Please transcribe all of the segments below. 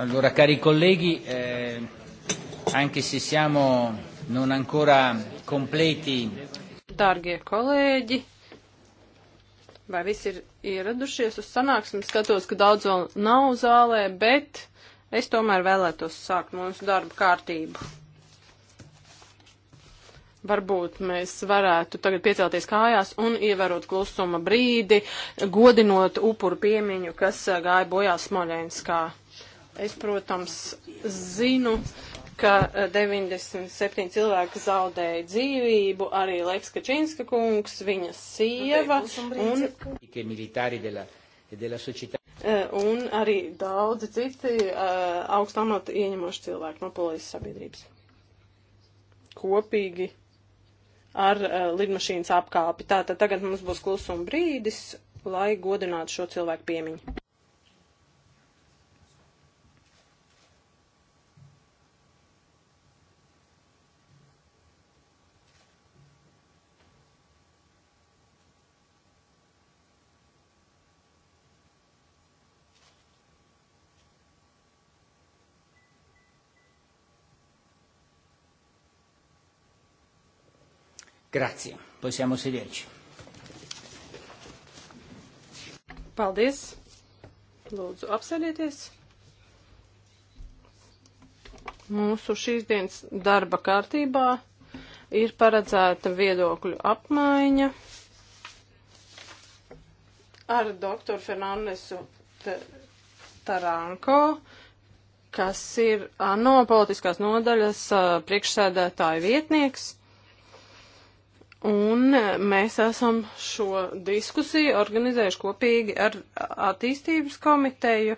Allora, cari colleghi, eh, anche se siamo non ancora completi. Dargie kolēģi, vai visi ir ieradušies uz sanāksmi? Skatos, ka daudz vēl nav zālē, bet es tomēr vēlētos sākt mūsu darbu kārtību. Varbūt mēs varētu tagad piecelties kājās un ievērot klusuma brīdi, godinot upuru piemiņu, kas eh, gāja bojā Smoļenskā. Es, protams, zinu, ka 97 eh, cilvēki zaudēja dzīvību, arī Leks Kačinska kungs, viņa sieva nu, un, eh, un arī daudzi citi eh, augstamata ieņemoši cilvēki no polijas sabiedrības. Kopīgi ar uh, lidmašīnas apkāpi. Tātad tagad mums būs klusuma brīdis, lai godinātu šo cilvēku piemiņu. Grazie. Possiamo sederci. Paldies. Lūdzu, apsēdieties. Mūsu šīs dienas darba kārtībā ir paredzēta viedokļu apmaiņa ar doktoru Fernandesu Taranko, kas ir ANO politiskās nodaļas priekšsēdētāja vietnieks. Un mēs esam šo diskusiju organizējuši kopīgi ar attīstības komiteju.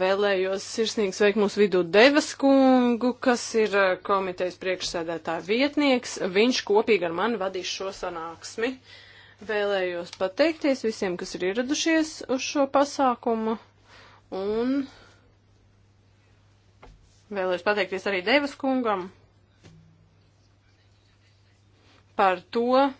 Vēlējos sirsnīgi sveikt mūsu vidū Devas kungu, kas ir eh, komitejas priekšsēdētāja vietnieks. Viņš kopīgi ar mani vadīs šo sanāksmi. Vēlējos pateikties visiem, kas ir ieradušies uz šo pasākumu. Un vēlējos pateikties arī Devas kungam par to,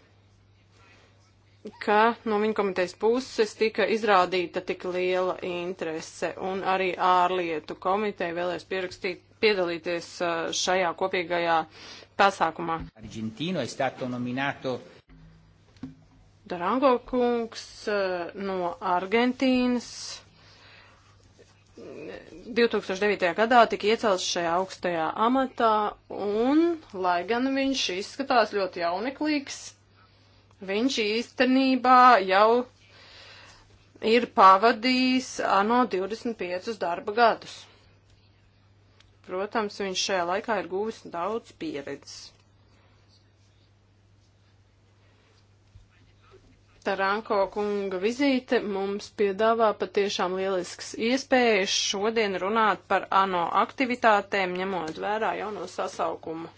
ka no viņa komitejas puses tika izrādīta tik liela interese, un arī ārlietu komiteja vēlēs pierakstīt, piedalīties uh, šajā kopīgajā pasākumā. Argentīno ir stato nominato. Darango kungs uh, no Argentīnas 2009. gadā tika iecelts šajā augstajā amatā, un, lai gan viņš izskatās ļoti jauneklīgs, viņš īstenībā jau ir pavadījis ANO 25 darba gadus. Protams, viņš šajā laikā ir guvis daudz pieredzes. Taranko kunga vizīte mums piedāvā patiešām lielisks iespējas šodien runāt par ANO aktivitātēm, ņemot vērā jauno sasaukumu.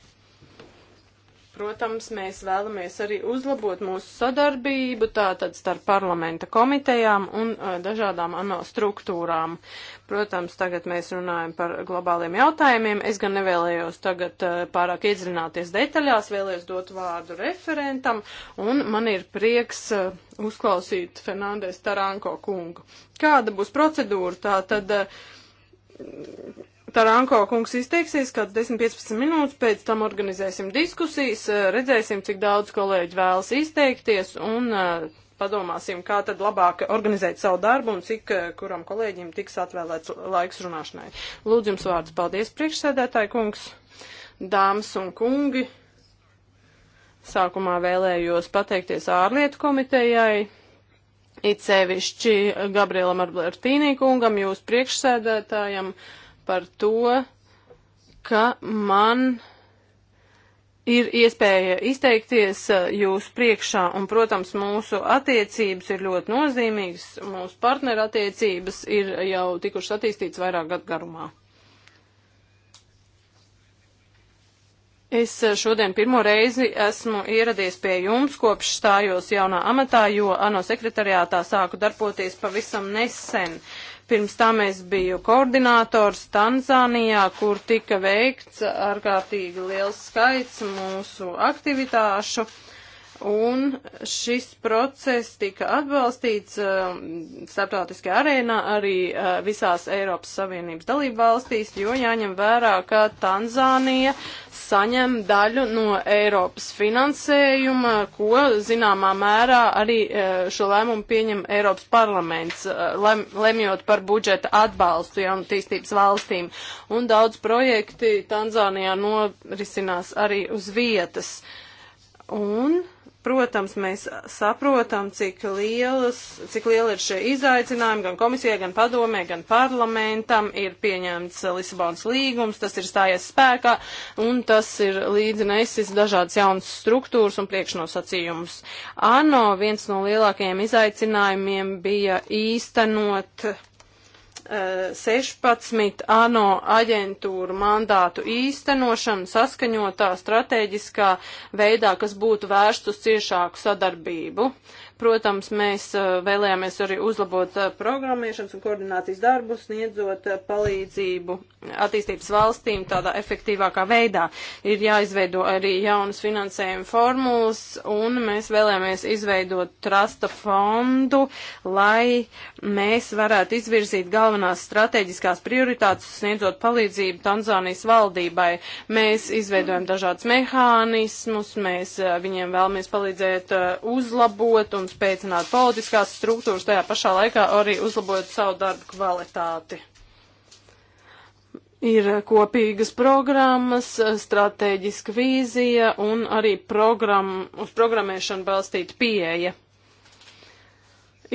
Protams, mēs vēlamies arī uzlabot mūsu sadarbību tātad starp parlamenta komitejām un uh, dažādām ANO struktūrām. Protams, tagad mēs runājam par globāliem jautājumiem. Es gan nevēlējos tagad uh, pārāk iedziļināties detaļās, vēlējos dot vārdu referentam un man ir prieks uh, uzklausīt Fernandes Taranko kungu. Kāda būs procedūra? Tātad, uh, Taranko kungs izteiksies kāds 10-15 minūtes, pēc tam organizēsim diskusijas, eh, redzēsim, cik daudz kolēģi vēlas izteikties un eh, padomāsim, kā tad labāk organizēt savu darbu un cik eh, kuram kolēģim tiks atvēlēts laiks runāšanai. Lūdzu jums vārds. Paldies, priekšsēdētāji kungs, dāmas un kungi. Sākumā vēlējos pateikties ārlietu komitejai, it sevišķi Gabrielam Arblērtīnī kungam, jūs priekšsēdētājam. Uh, par to, ka man ir iespēja izteikties uh, jūsu priekšā, un, protams, mūsu attiecības ir ļoti nozīmīgas, mūsu partneru attiecības ir jau tikušas attīstītas vairāk gadu garumā. Es uh, šodien pirmo reizi esmu ieradies pie jums, kopš stājos jaunā amatā, jo ANO sekretariātā sāku darboties pavisam nesen. Uh, Pirms tam es biju koordinators Tanzānijā, kur tika veikts ārkārtīgi liels skaits mūsu aktivitāšu. Un šis process tika atbalstīts uh, starptautiskajā arēnā arī uh, visās Eiropas Savienības dalību valstīs, jo jāņem vērā, ka Tanzānija saņem daļu no Eiropas finansējuma, ko zināmā mērā arī uh, šo lēmumu pieņem Eiropas parlaments, uh, lem, lemjot par budžeta atbalstu jaunatīstības valstīm. Un daudz projekti Tanzānijā norisinās arī uz vietas. Un Protams, mēs saprotam, cik, lielas, cik liela ir šie izaicinājumi gan komisijai, gan padomē, gan parlamentam. Ir pieņemts Lisabonas līgums, tas ir stājies spēkā un tas ir līdzi nesis dažādas jaunas struktūras un priekšnosacījumus. ANO viens no lielākajiem izaicinājumiem bija īstenot 16 ANO aģentūru mandātu īstenošanu saskaņotā strateģiskā veidā, kas būtu vērsts uz ciešāku sadarbību. Uh, Protams, mēs eh, vēlējāmies arī uzlabot eh, programmēšanas un koordinācijas darbu, sniedzot eh, palīdzību attīstības valstīm tādā efektīvākā veidā. Ir jāizveido arī jaunas finansējuma formulas, un mēs vēlējāmies izveidot trasta fondu, lai mēs varētu izvirzīt galvenās strateģiskās prioritātes, sniedzot palīdzību Tanzānijas valdībai. Mēs izveidojam dažādas mehānismus, mēs viņiem vēlamies palīdzēt uzlabot un protams, pēcināt politiskās struktūras, tajā pašā laikā arī uzlabot savu darbu kvalitāti. Ir kopīgas programmas, strateģiska vīzija un arī program, uz programmēšanu balstīta pieeja.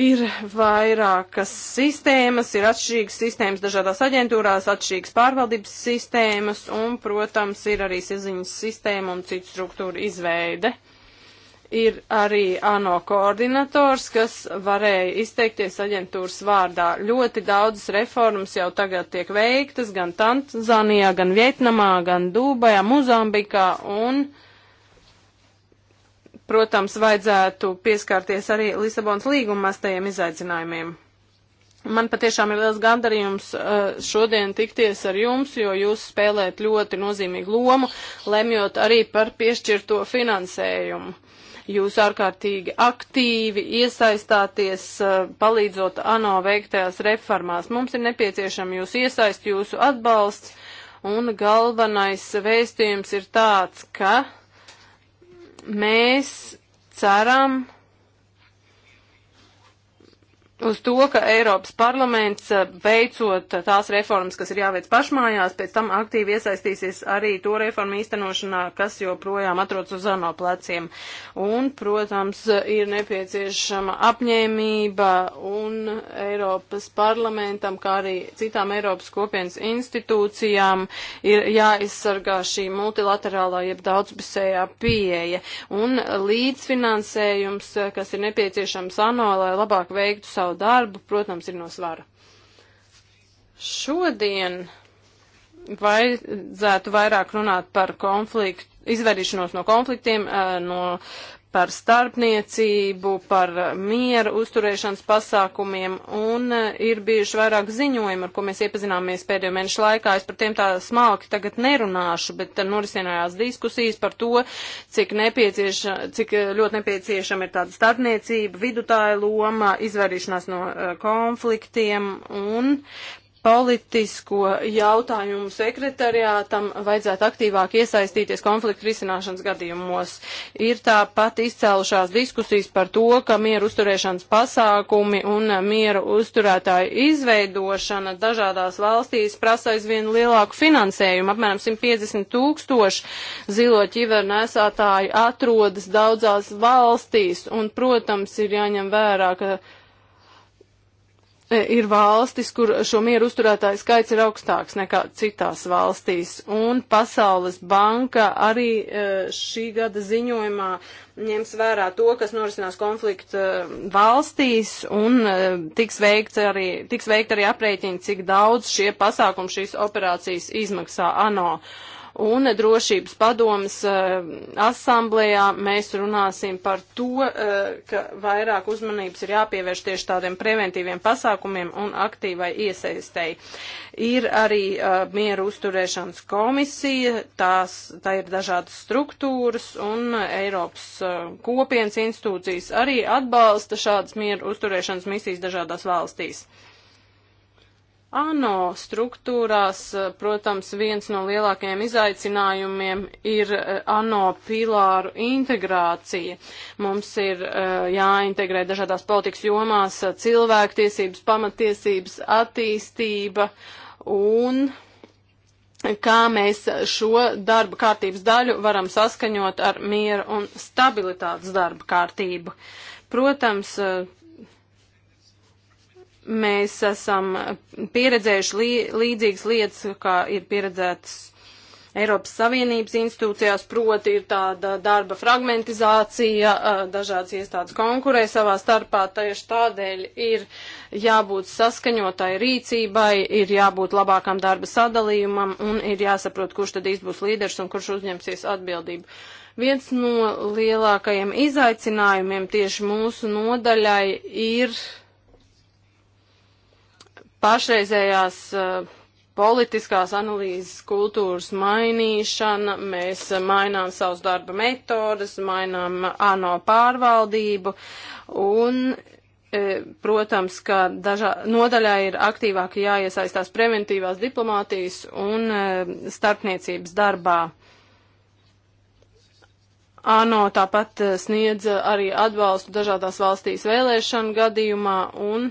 Ir vairākas sistēmas, ir atšķirīgas sistēmas dažādās aģentūrās, atšķirīgas pārvaldības sistēmas un, protams, ir arī saziņas sistēma un citu struktūru izveide ir arī ANO koordinators, kas varēja izteikties aģentūras vārdā. Ļoti daudzas reformas jau tagad tiek veiktas gan Tanzānijā, gan Vietnamā, gan Dūbajā, Muzambikā un, protams, vajadzētu pieskārties arī Lisabons līguma mastajiem izaicinājumiem. Man patiešām ir liels gandarījums uh, šodien tikties ar jums, jo jūs spēlējat ļoti nozīmīgu lomu, lemjot arī par piešķirto finansējumu jūs ārkārtīgi aktīvi iesaistāties, eh, palīdzot ANO veiktajās reformās. Mums ir nepieciešama jūs iesaist, jūsu atbalsts, un galvenais vēstījums ir tāds, ka mēs ceram, uz to, ka Eiropas parlaments veicot eh, tās reformas, kas ir jāveic pašmājās, pēc tam aktīvi iesaistīsies arī to reformu īstenošanā, kas joprojām atrodas uz ANO pleciem. Un, protams, ir nepieciešama apņēmība un Eiropas parlamentam, kā arī citām Eiropas kopienas institūcijām ir jāizsargā šī multilaterālā jeb daudzpusējā pieeja un līdzfinansējums, eh, kas ir nepieciešams ANO, lai labāk veiktu savu savu darbu, protams, ir no svara. Šodien vajadzētu vairāk runāt par konfliktu, izvairīšanos no konfliktiem, eh, no par starpniecību, par miera uzturēšanas pasākumiem, un eh, ir bijuši vairāk ziņojumi, ar ko mēs iepazināmies pēdējo mēnešu laikā. Es par tiem tā smalki tagad nerunāšu, bet eh, norisinājās diskusijas par to, cik, nepieciešam, cik eh, ļoti nepieciešama ir tāda starpniecība, vidutāja loma, izvairīšanās no konfliktiem un politisko jautājumu sekretariātam vajadzētu aktīvāk iesaistīties konfliktu risināšanas gadījumos. Ir tāpat izcēlušās diskusijas par to, ka mieru uzturēšanas pasākumi un mieru uzturētāju izveidošana dažādās valstīs prasa aizvien lielāku finansējumu. Apmēram 150 tūkstoši zilo ķiveru nesātāju atrodas daudzās valstīs un, protams, ir jāņem vērā, ka E, ir valstis, kur šo mieru uzturētāju skaits ir augstāks nekā citās valstīs. Un Pasaules banka arī e, šī gada ziņojumā ņems vērā to, kas norisinās konflikta e, valstīs un tiks, arī, tiks veikt arī aprēķini, cik daudz šie pasākumi, šīs operācijas izmaksā ANO. Uh, Un drošības padomas eh, asamblējā mēs runāsim par to, eh, ka vairāk uzmanības ir jāpievērš tieši tādiem preventīviem pasākumiem un aktīvai iesaistēji. Ir arī eh, mieru uzturēšanas komisija, tās, tā ir dažādas struktūras un Eiropas kopienas institūcijas arī atbalsta šādas mieru uzturēšanas misijas dažādās valstīs. ANO struktūrās, protams, viens no lielākajiem izaicinājumiem ir eh, ANO pilāru integrācija. Mums ir eh, jāintegrē dažādās politikas jomās eh, cilvēktiesības, pamatiesības, attīstība un kā mēs šo darba kārtības daļu varam saskaņot ar mieru un stabilitātes darba kārtību. Protams, Mēs esam pieredzējuši līdzīgas lietas, kā ir pieredzētas Eiropas Savienības institūcijās, proti ir tāda darba fragmentizācija, dažādas iestādes konkurē savā starpā, tieši tādēļ ir jābūt saskaņotai rīcībai, ir jābūt labākam darba sadalījumam un ir jāsaprot, kurš tad īsti būs līderis un kurš uzņemsies atbildību. Viens no lielākajiem izaicinājumiem tieši mūsu nodaļai ir pašreizējās uh, politiskās analīzes kultūras mainīšana, mēs eh, mainām savus darba metodas, mainām eh, ANO pārvaldību un, protams, ka dažā nodaļā ir aktīvāk jāiesaistās preventīvās diplomātijas un starpniecības darbā. ANO tāpat sniedz arī atbalstu dažādās valstīs vēlēšanu gadījumā un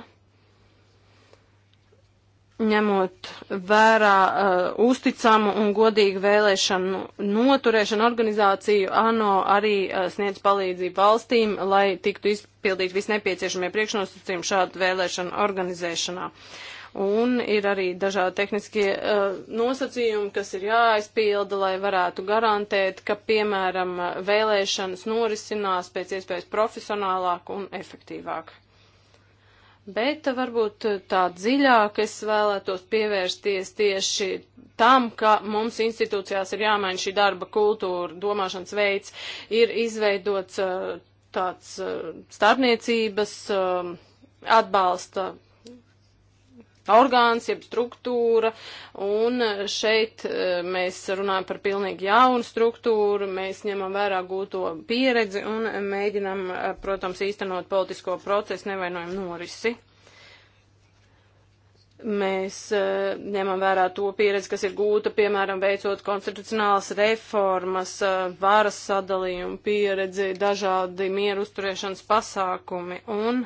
ņemot vērā uh, uzticamu un godīgu vēlēšanu noturēšanu organizāciju, ANO arī uh, sniedz palīdzību valstīm, lai tiktu izpildīt visi nepieciešamie priekšnosacījumi šādu vēlēšanu organizēšanā. Un ir arī dažādi tehniskie uh, nosacījumi, kas ir jāaizpilda, lai varētu garantēt, ka, piemēram, vēlēšanas norisinās pēc iespējas profesionālāk un efektīvāk bet varbūt eh, tā dziļāk es vēlētos pievērsties tieši tam, ka mums institūcijās ir jāmaina šī darba kultūra, domāšanas veids, ir izveidots eh, tāds eh, starpniecības atbalsta orgāns, jeb struktūra, un šeit e, mēs runājam par pilnīgi jaunu struktūru, mēs ņemam vērā gūto pieredzi un mēģinam, e, protams, īstenot politisko procesu nevainojam norisi. Mēs e, ņemam vērā to pieredzi, kas ir gūta, piemēram, veicot konstitucionālas reformas, varas sadalījumu pieredzi, dažādi mieru uzturēšanas pasākumi un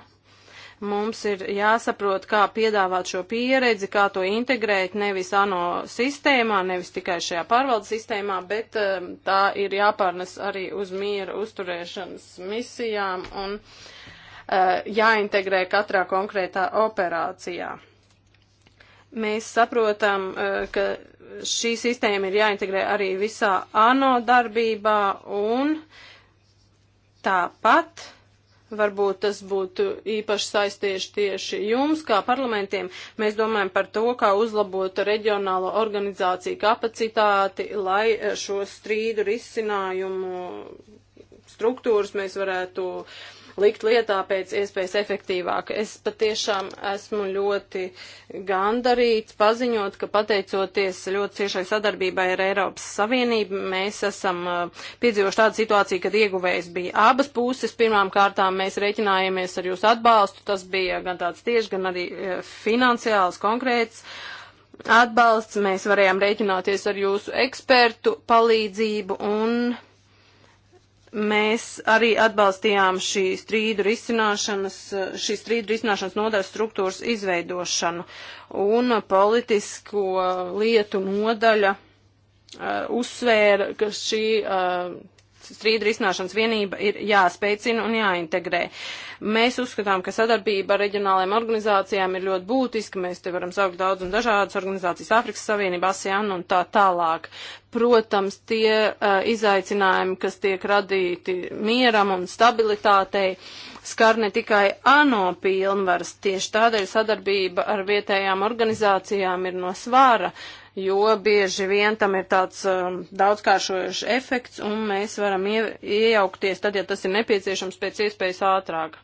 Mums ir jāsaprot, kā piedāvāt šo pieredzi, kā to integrēt nevis ANO sistēmā, nevis tikai šajā pārvaldes sistēmā, bet um, tā ir jāpārnes arī uz miera uzturēšanas misijām un uh, jāintegrē katrā konkrētā operācijā mēs saprotam, uh, ka šī sistēma ir jāintegrē arī visā ANO darbībā un tāpat Varbūt tas būtu īpaši saistījuši tieši jums, kā parlamentiem. Mēs domājam par to, kā uzlabot reģionālo organizāciju kapacitāti, lai eh, šo strīdu risinājumu struktūras mēs varētu uh, likt lietā pēc iespējas efektīvāk. Es patiešām esmu ļoti gandarīts paziņot, ka pateicoties ļoti ciešai sadarbībai ar Eiropas Savienību, mēs esam uh, piedzīvojuši tādu situāciju, kad ieguvējs bija abas puses. Pirmām kārtām mēs reiķinājāmies ar jūsu atbalstu. Tas bija gan tāds tieši, gan arī uh, finansiāls konkrēts atbalsts, mēs varējām rēķināties ar jūsu ekspertu palīdzību un Mēs arī atbalstījām šī strīdu risināšanas, eh, šī strīdu risināšanas nodaļas struktūras izveidošanu un politisko lietu nodaļa uh, uzsvēra, ka šī uh, strīdu risināšanas vienība ir jāspēcina un jāintegrē. Mēs uzskatām, ka sadarbība ar reģionālajām organizācijām ir ļoti būtiska. Mēs te varam saukt daudz un dažādas organizācijas Āfrikas Savienība, ASEAN un tā tālāk. Protams, tie uh, izaicinājumi, kas tiek radīti mieram un stabilitātei, skar ne tikai ANO pilnvaras. Tieši tādēļ sadarbība ar vietējām organizācijām ir no svāra. Uh, jo bieži vien tam ir tāds um, daudzkāršojušs efekts, un mēs varam ie, iejaukties tad, ja tas ir nepieciešams pēc iespējas ātrāk.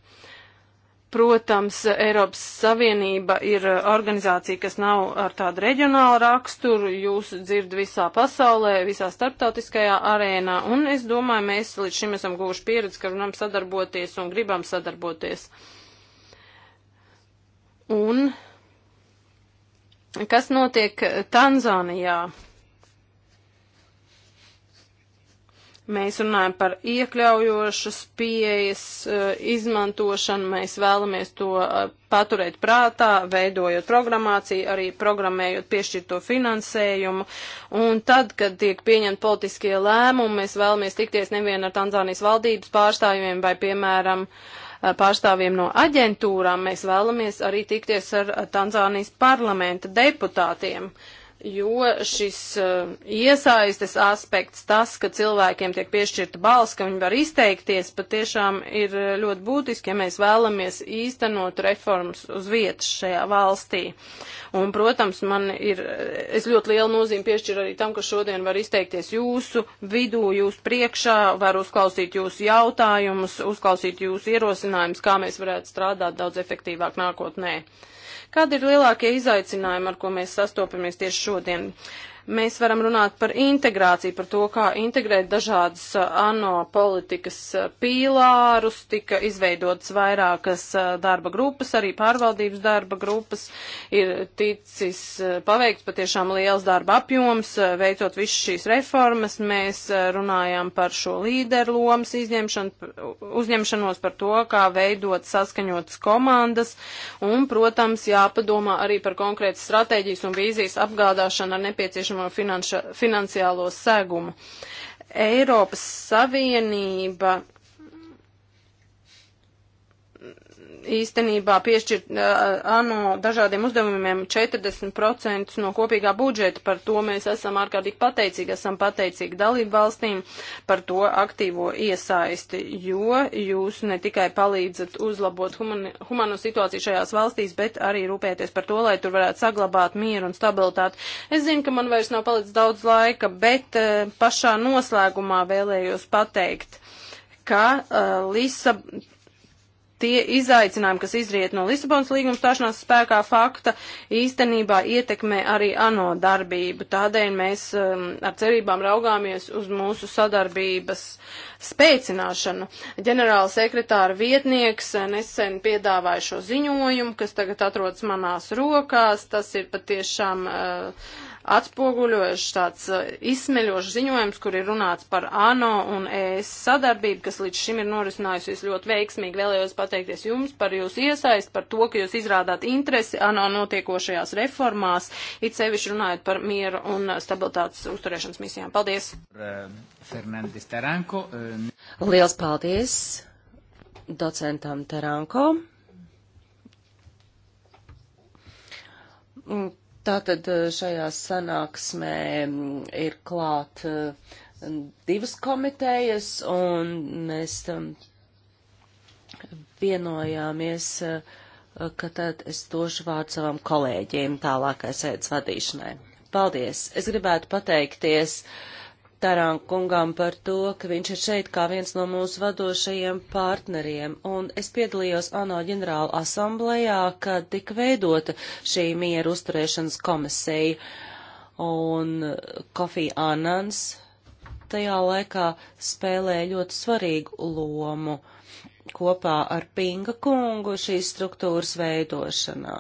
Protams, Eiropas Savienība ir uh, organizācija, kas nav ar tādu reģionālu raksturu, jūs dzird visā pasaulē, visā starptautiskajā arēnā, un es domāju, mēs līdz šim esam guvuši pieredzi, ka varam sadarboties un gribam sadarboties. Un Kas notiek Tanzānijā? Mēs runājam par iekļaujošas pieejas eh, izmantošanu, mēs vēlamies to eh, paturēt prātā, veidojot programmāciju, arī programmējot piešķirto finansējumu. Un tad, kad tiek pieņemt politiskie lēmumi, mēs vēlamies tikties nevien ar Tanzānijas valdības pārstāvjiem vai, piemēram, uh, Eh, pārstāvjiem no aģentūrām. Mēs vēlamies arī tikties ar eh, Tanzānijas parlamenta deputātiem. Uh, jo šis uh, iesaistes aspekts, tas, ka cilvēkiem tiek piešķirta balss, ka viņi var izteikties, patiešām ir eh, ļoti būtiski, ja mēs vēlamies īstenot reformas uz vietas šajā valstī. Un, protams, man ir, eh, es ļoti lielu nozīmi piešķiru arī tam, ka šodien var izteikties jūsu vidū, jūs priekšā, var uzklausīt jūsu jautājumus, uzklausīt jūsu ierosinājumus, kā mēs varētu strādāt daudz efektīvāk nākotnē. Kādi ir lielākie izaicinājumi, ar ko mēs sastopamies tieši šodien? Uh, Mēs varam runāt par integrāciju, par to, kā integrēt dažādas ANO politikas pīlārus. Tika izveidotas vairākas darba grupas, arī pārvaldības darba grupas. Ir ticis paveikts patiešām liels darba apjoms, veicot visu šīs reformas. Mēs runājām par šo līderu lomas uzņemšanos, par to, kā veidot saskaņotas komandas. Un, protams, jāpadomā arī par konkrētas stratēģijas un vīzijas apgādāšanu ar nepieciešamību nepieciešamo finanša, finansiālo segumu. Eiropas Savienība īstenībā piešķirt uh, ANO dažādiem uzdevumiem 40% no kopīgā budžeta. Par to mēs esam ārkārtīgi pateicīgi, esam pateicīgi dalību valstīm par to aktīvo iesaisti, jo jūs ne tikai palīdzat uzlabot humani, humano situāciju šajās valstīs, bet arī rūpēties par to, lai tur varētu saglabāt mieru un stabilitāti. Es zinu, ka man vairs nav palicis daudz laika, bet uh, pašā noslēgumā vēlējos pateikt ka uh, Lisab tie izaicinājumi, kas izriet no Lisabonas līguma stāšanās spēkā fakta, īstenībā ietekmē arī ANO darbību. Tādēļ mēs um, ar cerībām raugāmies uz mūsu sadarbības spēcināšanu. Ģenerāla sekretāra vietnieks uh, nesen piedāvāja šo ziņojumu, kas tagad atrodas manās rokās. Tas ir patiešām. Uh, atspoguļojuši tāds uh, izsmeļošs ziņojums, kur ir runāts par ANO un ES sadarbību, kas līdz šim ir norisinājusies ļoti veiksmīgi. Vēlējos pateikties jums par jūsu iesaist, par to, ka jūs izrādāt interesi ANO notiekošajās reformās, it sevišķi runājot par mieru un stabilitātes uzturēšanas misijām. Paldies! Fernandes Taranko. Um, Liels paldies docentam Taranko. Mm, Tātad eh, šajā sanāksmē mm, ir klāt eh, divas komitejas, un mēs mm, vienojāmies, eh, ka tad es došu vārdu savam kolēģiem tālākai sēdes vadīšanai. Paldies! Es gribētu pateikties uh, Tarankungam par to, ka viņš ir šeit kā viens no mūsu vadošajiem partneriem, un es piedalījos ANO ģenerāla asamblējā, kad tika veidota šī mieru uzturēšanas komisija, un Kofi Anans tajā laikā spēlēja ļoti svarīgu lomu kopā ar Pinga kungu šīs struktūras veidošanā.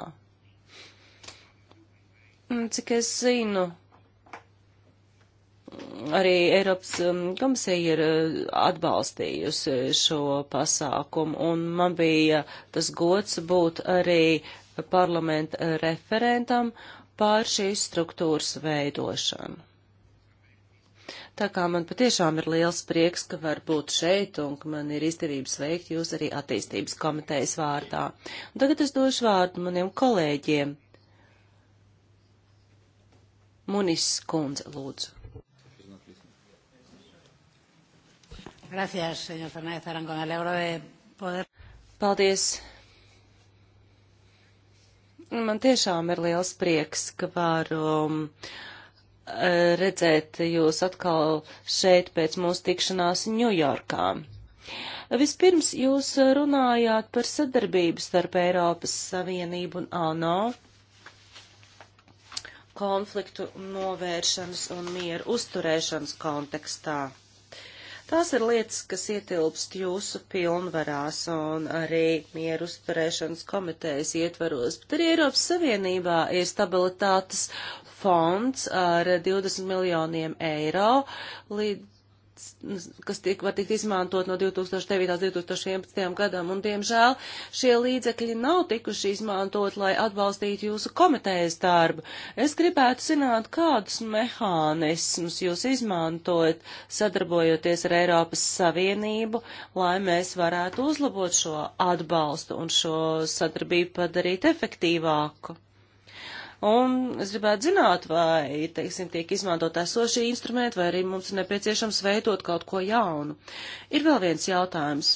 Cik es zinu, arī Eiropas um, komisija ir uh, atbalstījusi šo pasākumu, un man bija tas gods būt arī parlamenta referentam pār šīs struktūras veidošanu. Tā kā man patiešām ir liels prieks, ka var būt šeit un ka man ir izdevības veikt jūs arī attīstības komitejas vārdā. Un tagad es došu vārdu maniem kolēģiem. Munis Kundze, lūdzu. Gracias, señor Fernández Arango. Me alegro de poder. Paldies. Man tiešām ir liels prieks, ka varu um, eh, redzēt jūs atkal šeit pēc mūsu tikšanās Ņujorkā. Vispirms jūs runājāt par sadarbību starp Eiropas Savienību un ANO konfliktu novēršanas un mieru uzturēšanas kontekstā. Tās ir lietas, kas ietilpst jūsu pilnvarās un arī mieru uzturēšanas komitejas ietvaros, bet arī Eiropas Savienībā ir stabilitātes fonds ar 20 miljoniem eiro līdz kas tiek, var tikt izmantot no 2009. līdz 2011. gadam, un, diemžēl, šie līdzekļi nav tikuši izmantot, lai atbalstītu jūsu komitejas darbu. Es gribētu zināt, kādus mehānismus jūs izmantojat, sadarbojoties ar Eiropas Savienību, lai mēs varētu uzlabot šo atbalstu un šo sadarbību padarīt efektīvāku. Un es gribētu zināt, vai, teiksim, tiek izmantot esošie instrumenti, vai arī mums ir nepieciešams veidot kaut ko jaunu. Ir vēl viens jautājums.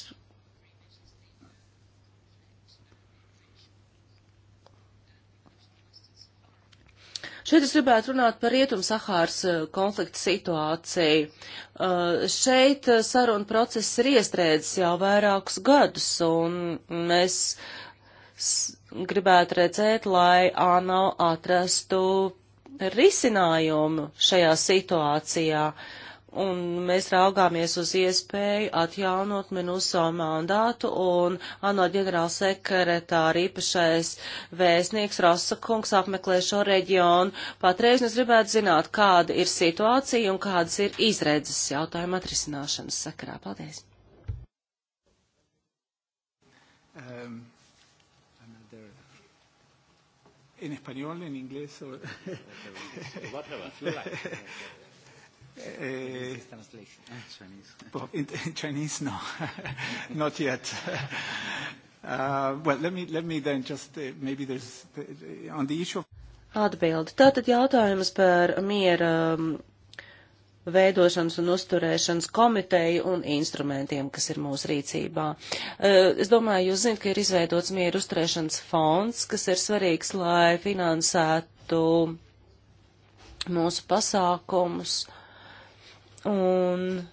Šeit es gribētu runāt par Rietum-Sahāras eh, konflikta situāciju. Eh, šeit eh, saruna process ir iestrēdzis jau vairākus gadus, un mēs gribētu redzēt, lai ANO atrastu risinājumu šajā situācijā. Un mēs raugāmies uz iespēju atjaunot Minuso mandātu, un ANO ģenerālsekretāri īpašais vēstnieks Rosakungs apmeklē šo reģionu. Patreiz mēs gribētu zināt, kāda ir situācija un kādas ir izredzes jautājuma atrisināšanas sakarā. Paldies! Um. en español, en inglés. O Whatever you like. Eh, ah, Chinese. In, in Chinese, no, not yet. Uh, well, let me, let me then just, uh, maybe there's, uh, on the issue of... Atbildi. Tātad jautājums par miera um, veidošanas un uzturēšanas komiteju un instrumentiem, kas ir mūsu rīcībā. E, es domāju, jūs zinat, ka ir izveidots mieru uzturēšanas fonds, kas ir svarīgs, lai finansētu mūsu pasākumus. Un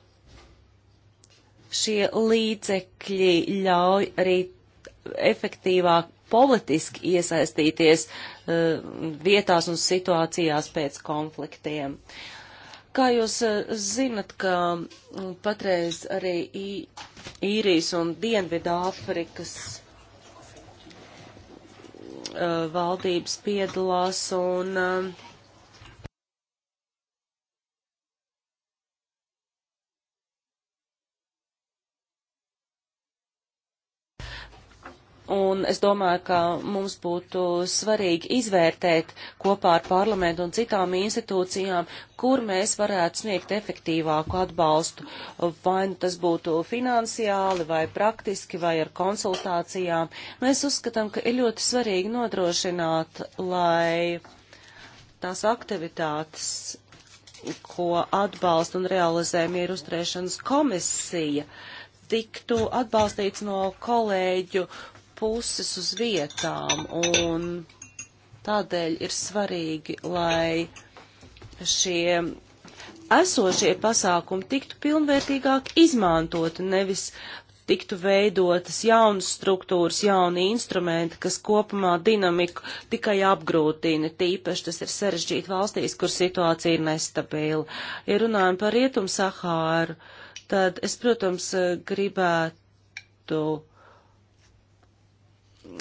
šie līdzekļi ļauj arī efektīvāk politiski iesaistīties uh, vietās un situācijās pēc konfliktiem. Uh, Kā jūs eh, zinat, ka mm, patreiz arī īrijas un Dienvidā Afrikas eh, valdības piedalās un uh, un es domāju, ka mums būtu svarīgi izvērtēt kopā ar parlamentu un citām institūcijām, kur mēs varētu sniegt efektīvāku atbalstu, vai nu tas būtu finansiāli, vai praktiski, vai ar konsultācijām. Mēs uzskatām, ka ir ļoti svarīgi nodrošināt, lai tās aktivitātes, ko atbalsta un realizē mieru uzturēšanas komisija, tiktu atbalstīts no kolēģu puses uz vietām, un tādēļ ir svarīgi, lai šie esošie pasākumi tiktu pilnvērtīgāk izmantoti, nevis tiktu veidotas jaunas struktūras, jauni instrumenti, kas kopumā dinamiku tikai apgrūtina. Tīpaši tas ir sarežģīti valstīs, kur situācija ir nestabila. Ja runājam par rietumu Sahāru, tad es, protams, gribētu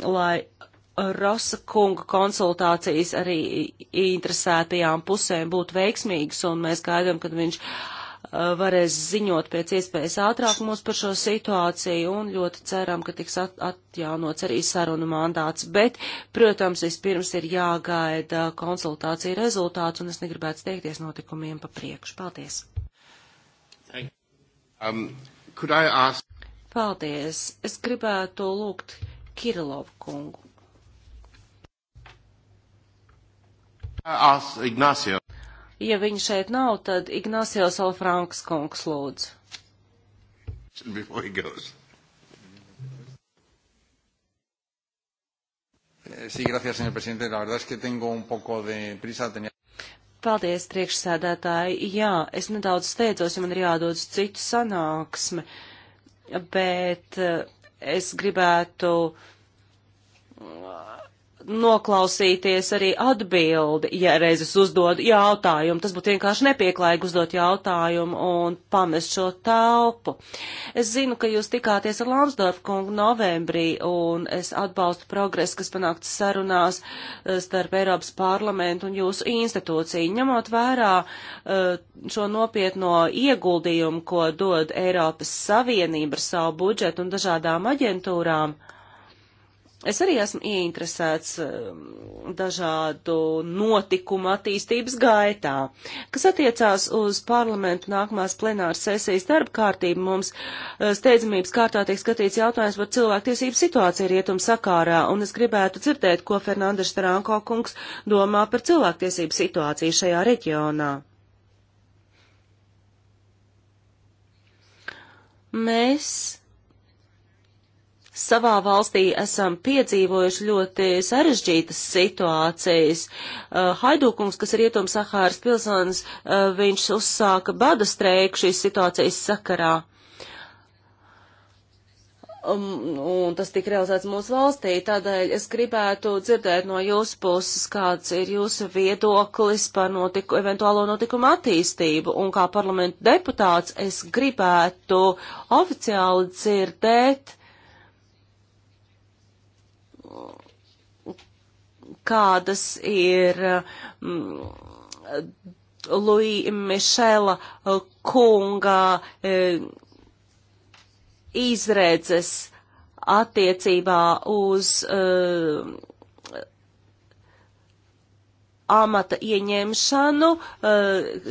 lai Rosa kunga konsultācijas arī interesētajām pusēm būtu veiksmīgas, un mēs gaidām, kad viņš uh, varēs ziņot pēc iespējas ātrāk mums par šo situāciju, un ļoti ceram, ka tiks at atjaunots arī sarunu mandāts. Bet, protams, vispirms ir jāgaida konsultācija rezultāts, un es negribētu steigties notikumiem pa priekšu. Paldies! Um, ask... Paldies! Es gribētu lūgt Kirilovu kungu. As Ignacio. Ja viņa šeit nav, tad Ignacio Salfrankas kungs lūdzu. Eh, sí, gracias, señor presidente. La verdad es que tengo un poco de prisa. Tenía... Paldies, priekšsēdētāji. Jā, es nedaudz steidzos, jo man ir jādod uz citu sanāksmi, bet uh, es gribētu noklausīties arī atbildi, ja reizes uzdod jautājumu. Tas būtu vienkārši nepieklājīgi uzdot jautājumu un pamest šo telpu. Es zinu, ka jūs tikāties ar Lamsdorfu kungu novembrī, un es atbalstu progresu, kas panākts sarunās eh, starp Eiropas parlamentu un jūsu institūciju, ņemot vērā eh, šo nopietno ieguldījumu, ko dod Eiropas Savienība ar savu budžetu un dažādām aģentūrām. Es arī esmu ieinteresēts um, dažādu notikumu attīstības gaitā. Kas attiecās uz parlamentu nākamās plenāras sesijas darba kārtību, mums uh, steidzamības kārtā tiek skatīts jautājums par cilvēktiesību situāciju rietum sakārā, un es gribētu dzirdēt, ko Fernandes Taranko kungs domā par cilvēktiesību situāciju šajā reģionā. Mēs savā valstī esam piedzīvojuši ļoti sarežģītas situācijas. Uh, Haidūkungs, kas ir ietums Sahāras pilsonis, uh, viņš uzsāka bada streiku šīs situācijas sakarā. Um, un tas tika realizēts mūsu valstī, tādēļ es gribētu dzirdēt no jūsu puses, kāds ir jūsu viedoklis par notiku, eventuālo notikumu attīstību, un kā parlamentu deputāts es gribētu oficiāli dzirdēt, kādas ir mm, Lui Mišela kunga e, izredzes attiecībā uz uh, amata ieņemšanu uh,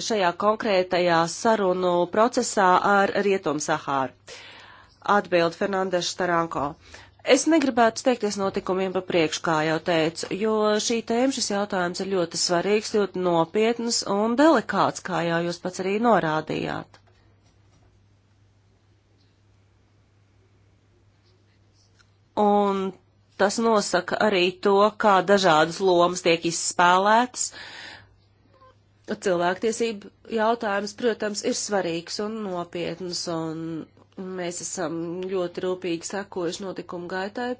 šajā konkrētajā sarunu procesā ar Rietum Sahāru. Atbild Fernandes Taranko. Es negribētu steigties notikumiem pa priekšu, kā jau teicu, jo šī tēma, šis jautājums ir ļoti svarīgs, ļoti nopietns un delikāts, kā jau jūs pats arī norādījāt. Un tas nosaka arī to, kā dažādas lomas tiek izspēlētas. Cilvēktiesību jautājums, protams, ir svarīgs un nopietns, un Mēs esam ļoti rūpīgi sekojuši notikumu gaitai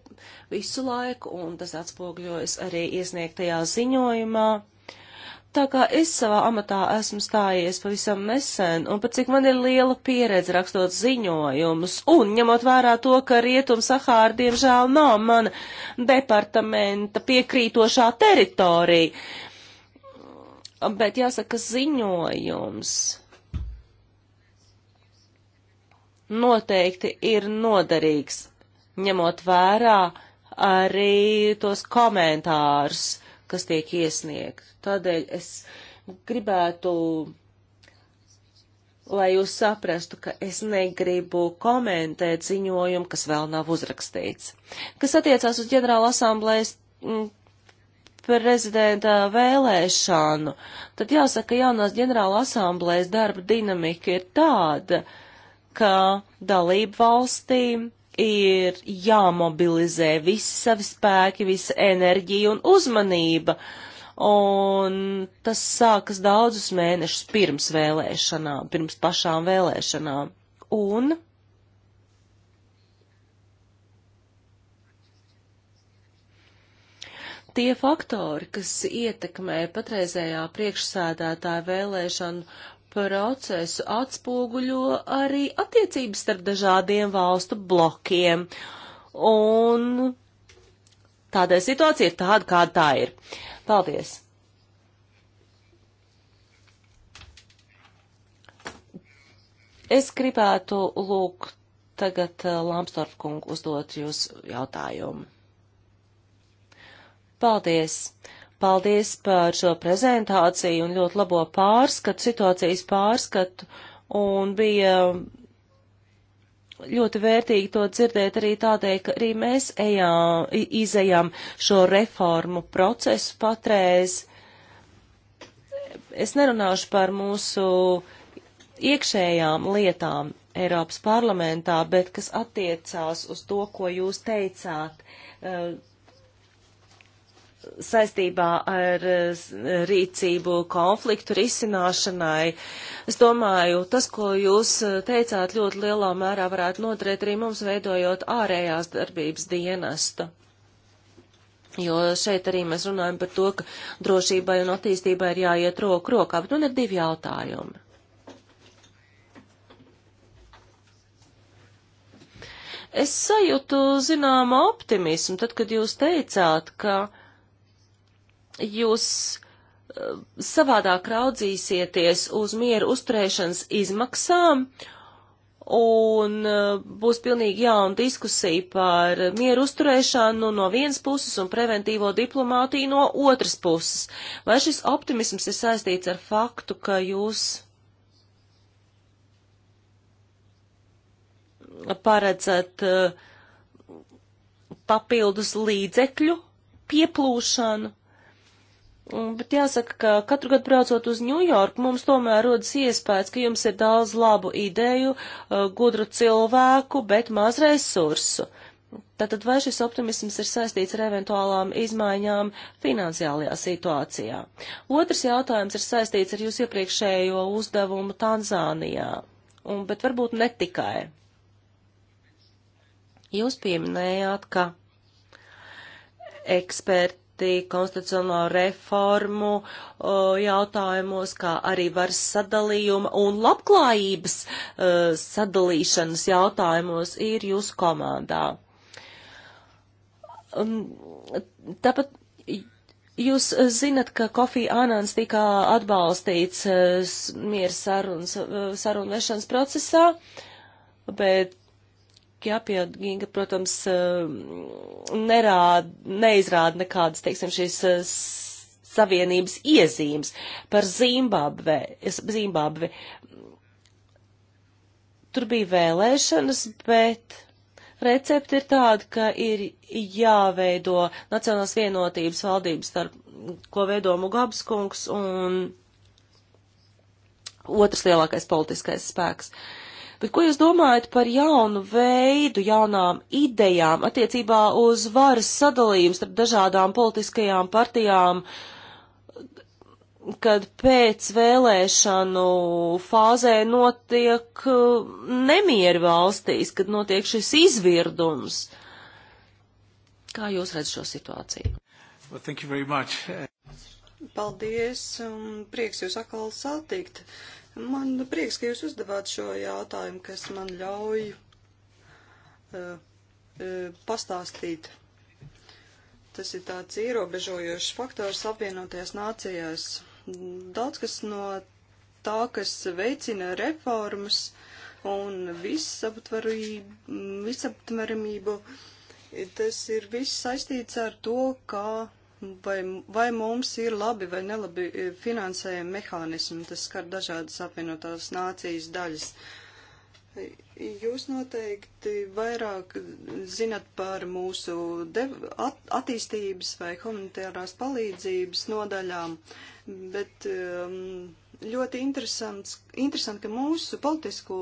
visu laiku, un tas atspogļojas arī iesniegtajā ziņojumā. Tā kā es savā amatā esmu stājies pavisam nesen, un pat cik man ir liela pieredze rakstot ziņojumus, un ņemot vērā to, ka Rietum Sahāra diemžēl nav mana departamenta piekrītošā teritorija, bet jāsaka ziņojums noteikti ir noderīgs, ņemot vērā arī tos komentārus, kas tiek iesniegt. Tādēļ es gribētu, lai jūs saprastu, ka es negribu komentēt ziņojumu, kas vēl nav uzrakstīts. Kas attiecās uz ģenerāla asamblējas mm, prezidenta vēlēšanu, tad jāsaka, jaunās ģenerāla asamblējas darba dinamika ir tāda, uh, ka dalību valstīm ir jāmobilizē visi savi spēki, visa enerģija un uzmanība. Un tas sākas daudzus mēnešus pirms vēlēšanām, pirms pašām vēlēšanām. Un tie faktori, kas ietekmē patreizējā priekšsēdētāja vēlēšanu procesu atspoguļo arī attiecības starp dažādiem valstu blokiem. Un tādēļ situācija ir tāda, kāda tā ir. Paldies! Es gribētu lūgt tagad eh, Lāmstorf kungu uzdot jūs jautājumu. Paldies! Uh, Paldies par šo prezentāciju un ļoti labo pārskatu, situācijas pārskatu, un bija ļoti vērtīgi to dzirdēt arī tādēļ, ka arī mēs ejām, izejām šo reformu procesu patreiz. Es nerunāšu par mūsu iekšējām lietām Eiropas parlamentā, bet kas attiecās uz to, ko jūs teicāt. Uh, saistībā ar eh, rīcību konfliktu risināšanai. Es domāju, tas, ko jūs eh, teicāt, ļoti lielā mērā varētu noderēt arī mums veidojot ārējās darbības dienestu. Jo šeit arī mēs runājam par to, ka drošībai un attīstībai ir jāiet roku rokā, bet man ir divi jautājumi. Es sajūtu zināmu optimismu, tad, kad jūs teicāt, ka uh, jūs eh, savādāk raudzīsieties uz mieru uzturēšanas izmaksām un eh, būs pilnīgi jauna diskusija par mieru uzturēšanu no vienas puses un preventīvo diplomātiju no otras puses. Vai šis optimisms ir saistīts ar faktu, ka jūs paredzat eh, papildus līdzekļu pieplūšanu Bet jāsaka, ka katru gadu braucot uz Ņujorku, mums tomēr rodas iespējas, ka jums ir daudz labu ideju, uh, gudru cilvēku, bet maz resursu. Tātad vai šis optimisms ir saistīts ar eventuālām izmaiņām finansiālajā situācijā? Otrs jautājums ir saistīts ar jūsu iepriekšējo uzdevumu Tanzānijā, un, bet varbūt ne tikai. Jūs pieminējāt, ka eksperti iesaistīti konstitucionālo reformu uh, jautājumos, kā arī varas sadalījuma un labklājības uh, sadalīšanas jautājumos ir jūsu komandā. Um, tāpat Jūs zinat, ka Kofi Anans tika atbalstīts e, miera sarunas, e, sarunvešanas procesā, bet Jāpieauga, protams, eh, nerāda, neizrāda nekādas, teiksim, šīs eh, savienības iezīmes par Zimbabvē. Zimbabvi. Tur bija vēlēšanas, bet recepti ir tādi, ka ir jāveido Nacionālās vienotības valdības, starp, ko veido Mugabs kungs un otrs lielākais politiskais spēks. Uh, Bet ko jūs domājat par jaunu veidu, jaunām idejām attiecībā uz varas sadalījumu starp dažādām politiskajām partijām, kad pēc vēlēšanu fāzē notiek uh, nemieru valstīs, kad notiek šis izvirdums? Kā jūs redzat šo situāciju? Well, thank you very much. Paldies, un prieks jūs atkal satikt. Uh, Man prieks, ka jūs uzdevāt šo jautājumu, kas man ļauj uh, uh, pastāstīt. Tas ir tāds ierobežojošs faktors apvienotajās nācijās. Daudz kas no tā, kas veicina reformas un visaptveramību, tas ir viss saistīts ar to, kā vai, vai mums ir labi vai nelabi e, finansējumi mehānismi, tas skar dažādas apvienotās nācijas daļas. E, jūs noteikti vairāk zinat par mūsu dev, at, attīstības vai humanitārās palīdzības nodaļām, bet um, ļoti interesants, interesanti, ka mūsu politisko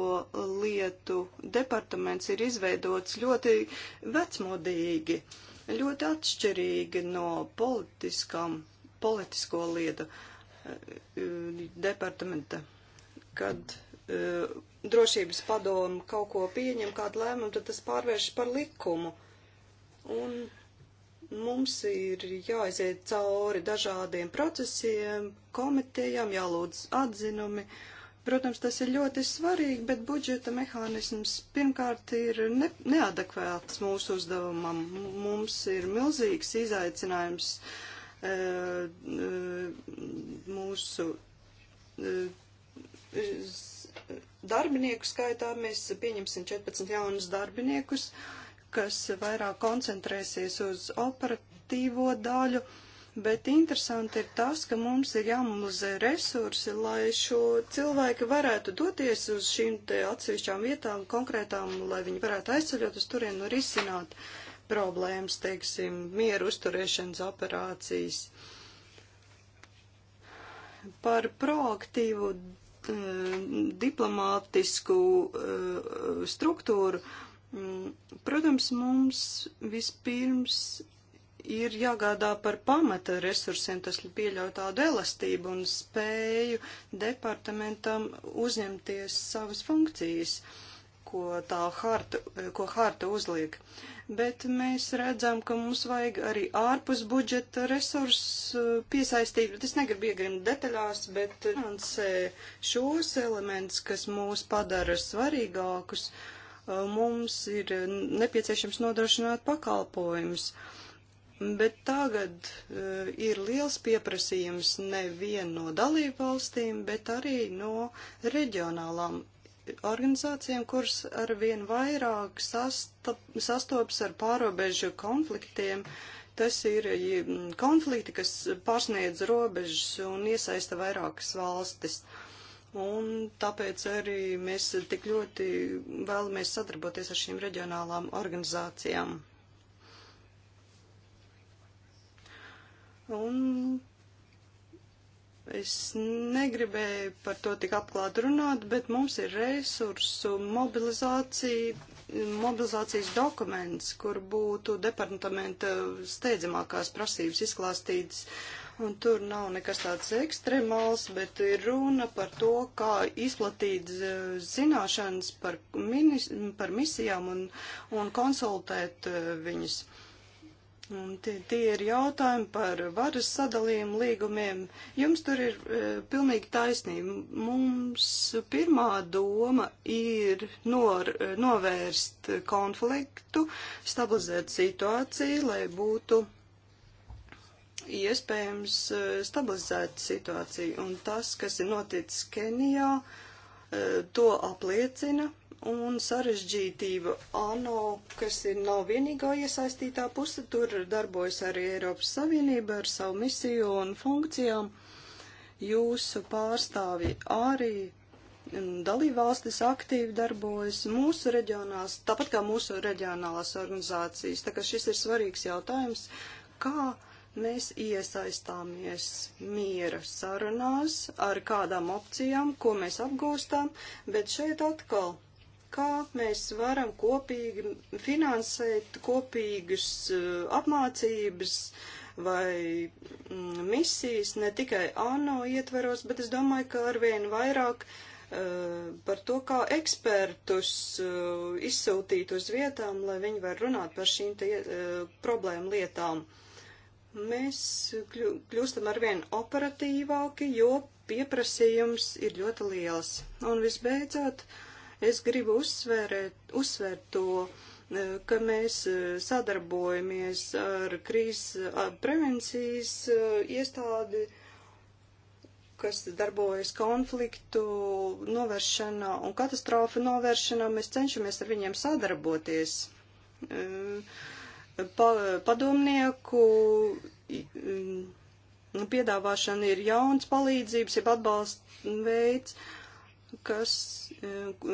lietu departaments ir izveidots ļoti vecmodīgi. Uh, ļoti atšķirīgi no politiskām, politisko lietu eh, eh, departamenta, kad eh, drošības padomu kaut ko pieņem, kādu lēmumu, tad tas pārvērš par likumu. Un mums ir jāaiziet cauri dažādiem procesiem, komitejām, jālūdz atzinumi. Uh, Protams, tas ir ļoti svarīgi, bet budžeta mehānisms pirmkārt ir ne, neadekvēts mūsu uzdevumam. Mums ir milzīgs izaicinājums e, e, mūsu e, darbinieku skaitā. Mēs pieņemsim 14 jaunus darbiniekus, kas vairāk koncentrēsies uz operatīvo daļu. E, bet interesanti ir tas, ka mums ir jāmumlizē resursi, lai šo cilvēku varētu doties uz šīm te atsevišķām vietām konkrētām, lai viņi varētu aizceļot uz turienu un risināt problēmas, teiksim, mieru uzturēšanas operācijas. Par proaktīvu e, diplomātisku e, struktūru, protams, mums vispirms ir jāgādā par pamata resursiem, tas pieļauj tādu elastību un spēju departamentam uzņemties savas funkcijas, ko tā harta, ko harta uzliek. Bet mēs redzam, ka mums vajag arī ārpus budžeta resursu uh, piesaistīt, bet es negribu iegrimt detaļās, bet finansē šos elementus, kas mūs padara svarīgākus, uh, mums ir nepieciešams nodrošināt pakalpojumus. Uh, bet tagad uh, ir liels pieprasījums nevien no dalību valstīm, bet arī no reģionālām organizācijām, kuras arvien vairāk sastap, sastopas ar pārobežu konfliktiem. Tas ir mm, konflikti, kas pārsniedz robežas un iesaista vairākas valstis. Un tāpēc arī mēs tik ļoti vēlamies sadarboties ar šīm reģionālām organizācijām. Un es negribēju par to tik apklāt runāt, bet mums ir resursu mobilizācija, mobilizācijas dokuments, kur būtu departamenta steidzamākās prasības izklāstītas. Un tur nav nekas tāds ekstremāls, bet ir runa par to, kā izplatīt e, zināšanas par, minis, par misijām un, un konsultēt e, viņus. Uh, Un tie, tie ir jautājumi par varas sadalījumu līgumiem. Jums tur ir e, pilnīgi taisnība. Mums pirmā doma ir nor, e, novērst konfliktu, stabilizēt situāciju, lai būtu iespējams e, stabilizēt situāciju. Un tas, kas ir noticis Kenijā, e, to apliecina un sarežģītība ANO, kas ir nav vienīgā iesaistītā puse, tur darbojas arī Eiropas Savienība ar savu misiju un funkcijām. Jūsu pārstāvi arī dalībvalstis aktīvi darbojas mūsu reģionās, tāpat kā mūsu reģionālās organizācijas. Tā kā šis ir svarīgs jautājums, kā mēs iesaistāmies miera sarunās, ar kādām opcijām, ko mēs apgūstam, bet šeit atkal kā mēs varam kopīgi finansēt kopīgas eh, apmācības vai mm, misijas, ne tikai ANO ietveros, bet es domāju, ka arvien vairāk eh, par to, kā ekspertus eh, izsūtīt uz vietām, lai viņi var runāt par šīm te, problēmu lietām. Mēs kļūstam arvien operatīvāki, jo pieprasījums ir ļoti liels. Un visbeidzot, uh, Es gribu uzsvērt, uzsvērt to, e, ka mēs e, sadarbojamies ar krīzes prevencijas e, iestādi, kas darbojas konfliktu novēršanā un katastrofu novēršanā. Mēs cenšamies ar viņiem sadarboties. Pa, padomnieku piedāvāšana ir jauns palīdzības, jeb atbalsts veids. Uh, kas, eh,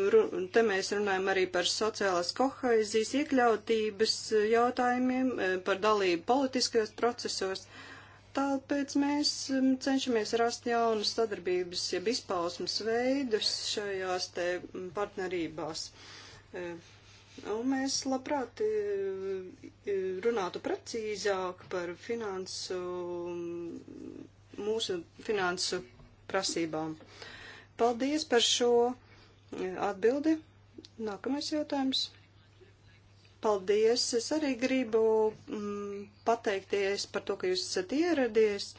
te mēs runājam arī par sociālās kohaizijas iekļautības eh, jautājumiem, eh, par dalību politiskajos procesos. Tāpēc mēs mm, cenšamies rast jaunas sadarbības, jeb izpausmas veidus šajās te mm, partnerībās. Un mēs labprāt runātu precīzāk par finansu, mm, mūsu finansu prasībām. Uh, Paldies par šo e, atbildi. Nākamais jautājums. Paldies. Es arī gribu mm, pateikties par to, ka jūs esat ieradies.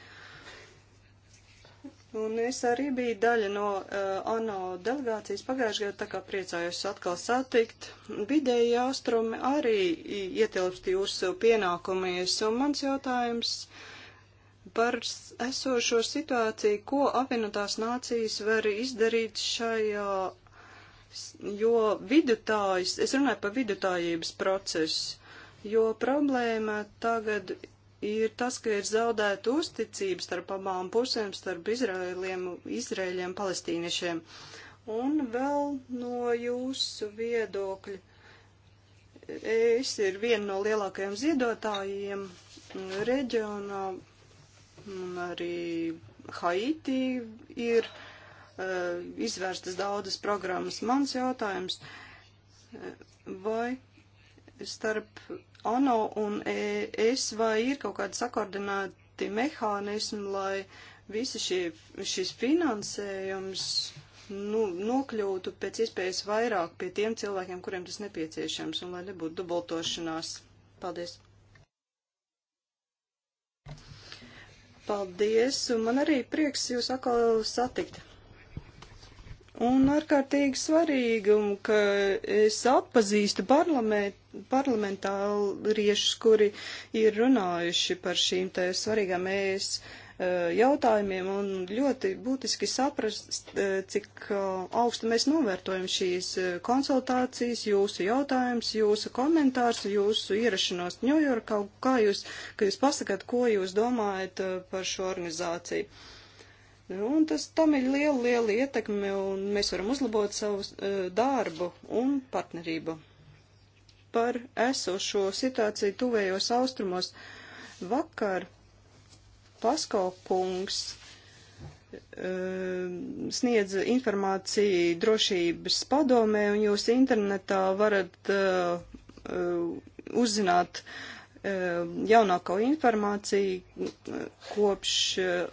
Un es arī biju daļa no uh, ANO delegācijas pagājušajā gadā, tā kā priecājos atkal satikt. Vidēji austrumi arī ietilpst jūsu pienākumies, un mans jautājums uh, par esošo situāciju, ko apvienotās nācijas var izdarīt šajā, jo vidutājs, es runāju par vidutājības procesu, jo problēma tagad ir tas, ka ir zaudēta uzticība starp abām pusēm, starp Izraēliem, Izraēļiem, palestīniešiem. Un vēl no jūsu viedokļa. Es ir viena no lielākajiem ziedotājiem reģionā un arī Haiti ir uh, izvērstas daudzas programmas. Mans jautājums, eh, vai starp ANO un ES vai ir kaut kādi sakordināti mehānismi, lai visi šie, šis finansējums nu, nokļūtu pēc iespējas vairāk pie tiem cilvēkiem, kuriem tas nepieciešams, un lai nebūtu dubultošanās. Paldies! Paldies, un man arī prieks jūs atkal satikt. Un ārkārtīgi svarīgi, ka es atpazīstu parlament, parlamentāriešus, kuri ir runājuši par šīm te svarīgām ēst e Eh, jautājumiem un ļoti būtiski saprast, eh, cik eh, augstu mēs novērtojam šīs konsultācijas, jūsu jautājums, jūsu komentārs, jūsu ierašanos Ņujorkā, kā jūs, ka jūs pasakāt, ko jūs domājat par šo organizāciju. Nu, un tas tam ir liela, liela ietekme, un mēs varam uzlabot savu uh, darbu un partnerību. Par esošo situāciju tuvējos austrumos vakar Pasko kungs ehm, sniedz informāciju drošības padomē, un jūs internetā varat eh, eh, uzzināt ehm, jaunāko informāciju eh, kopš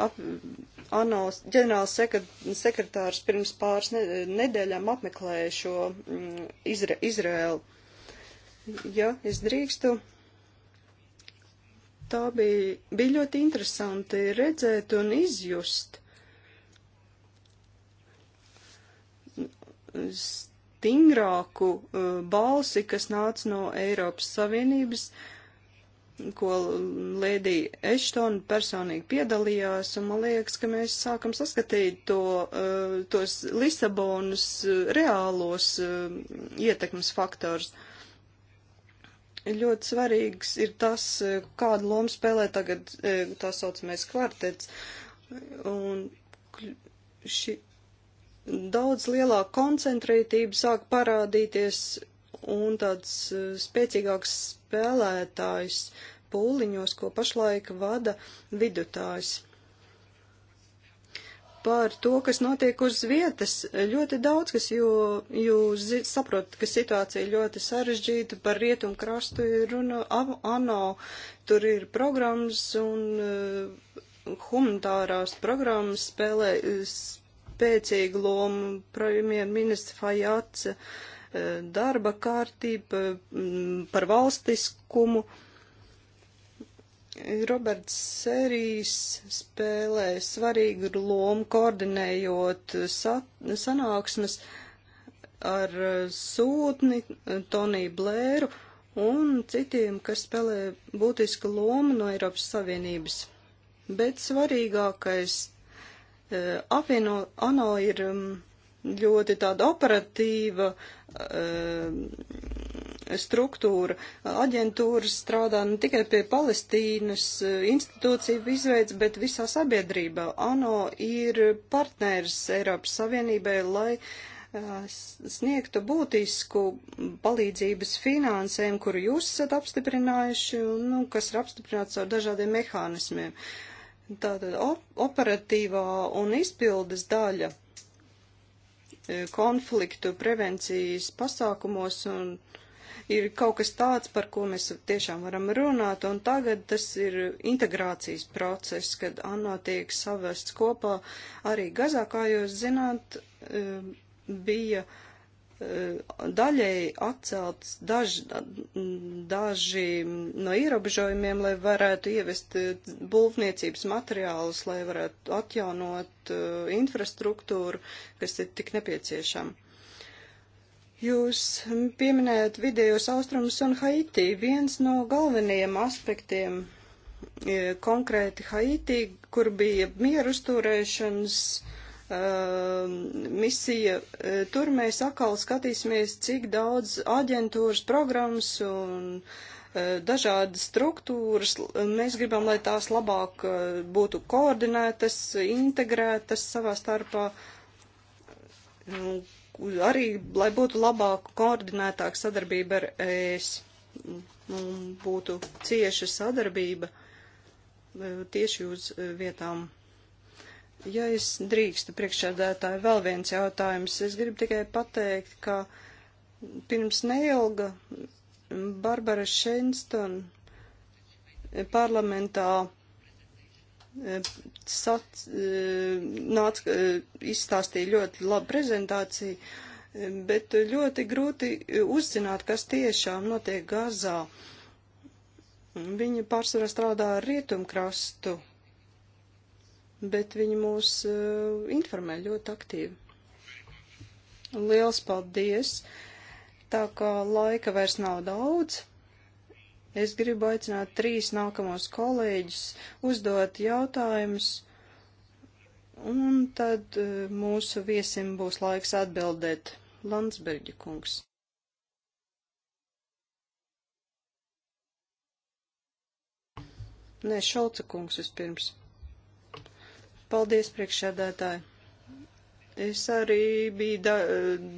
ap, ANO ģenerāls sekretārs pirms pāris nedēļām apmeklēja šo mm, Izra Izraēlu. Ja es drīkstu tā bija, bija ļoti interesanti redzēt un izjust. Stingrāku uh, balsi, kas nāca no Eiropas Savienības, ko Lēdija Eštona personīgi piedalījās, un man liekas, ka mēs sākam saskatīt to, uh, tos Lisabonas uh, reālos ietekmes faktors. Uh, Ļoti svarīgs ir tas, e, kādu lomu spēlē tagad e, tā saucamais kvartets. Un ši, daudz lielāka koncentrētība sāk parādīties un tāds e, spēcīgāks spēlētājs pūliņos, ko pašlaik vada vidutājs par to, kas notiek uz vietas. Ļoti daudz, kas jū, jūs saprotat, ka situācija ļoti sarežģīta, par rietumu krastu ir runa, ANO, tur ir programmas un uh, humanitārās programmas spēlē uh, spēcīgu lomu premjerministra Fajāca uh, darba kārtība mm, par valstiskumu. Uh, Roberts Sērijs spēlē svarīgu lomu koordinējot sanāksmes ar sūtni Toniju Blēru un citiem, kas spēlē būtisku lomu no Eiropas Savienības. Bet svarīgākais e, apvieno ANO ir mm, ļoti tāda operatīva e, struktūra. Aģentūra strādā ne tikai pie Palestīnas e, institūciju izveids, bet visā sabiedrībā. ANO ir partners Eiropas Savienībai, lai e, sniegtu būtisku palīdzības finansēm, kuru jūs esat apstiprinājuši, un nu, kas ir apstiprināts ar dažādiem mehānismiem. Tātad operatīvā un izpildes daļa e, konfliktu prevencijas pasākumos un uh, ir kaut kas tāds, par ko mēs tiešām varam runāt, un tagad tas ir integrācijas process, kad ANO tiek savests kopā. Arī Gazā, kā jūs zināt, um, bija uh, daļēji atcelts daž, daži no ierobežojumiem, lai varētu ievest uh, būvniecības materiālus, lai varētu atjaunot uh, infrastruktūru, kas ir tik nepieciešama. Jūs pieminējat vidējos austrumus un Haiti. Viens no galvenajiem aspektiem e, konkrēti Haiti, kur bija mieru uzturēšanas uh, misija, e, tur mēs atkal skatīsimies, cik daudz aģentūras programmas un uh, dažādas struktūras. Mēs gribam, lai tās labāk uh, būtu koordinētas, integrētas savā starpā arī, lai būtu labāka, koordinētāka sadarbība ar ES, un būtu cieša sadarbība e, tieši uz e, vietām. Ja es drīkstu priekšsēdētāju, vēl viens jautājums. Es gribu tikai pateikt, ka pirms neilga Barbara Šeinston parlamentā sac, eh, nāc, eh, izstāstīja ļoti labu prezentāciju, eh, bet ļoti grūti uzzināt, kas tiešām notiek Gazā. Viņa pārsvarā strādā ar rietumkrastu, bet viņa mūs informē ļoti aktīvi. Liels paldies! Tā kā laika vairs nav daudz. Es gribu aicināt trīs nākamos kolēģus uzdot jautājumus, un tad eh, mūsu viesim būs laiks atbildēt. Landsbergi kungs. Nē, Šolca kungs vispirms. Paldies, priekšsēdētāji. Es arī biju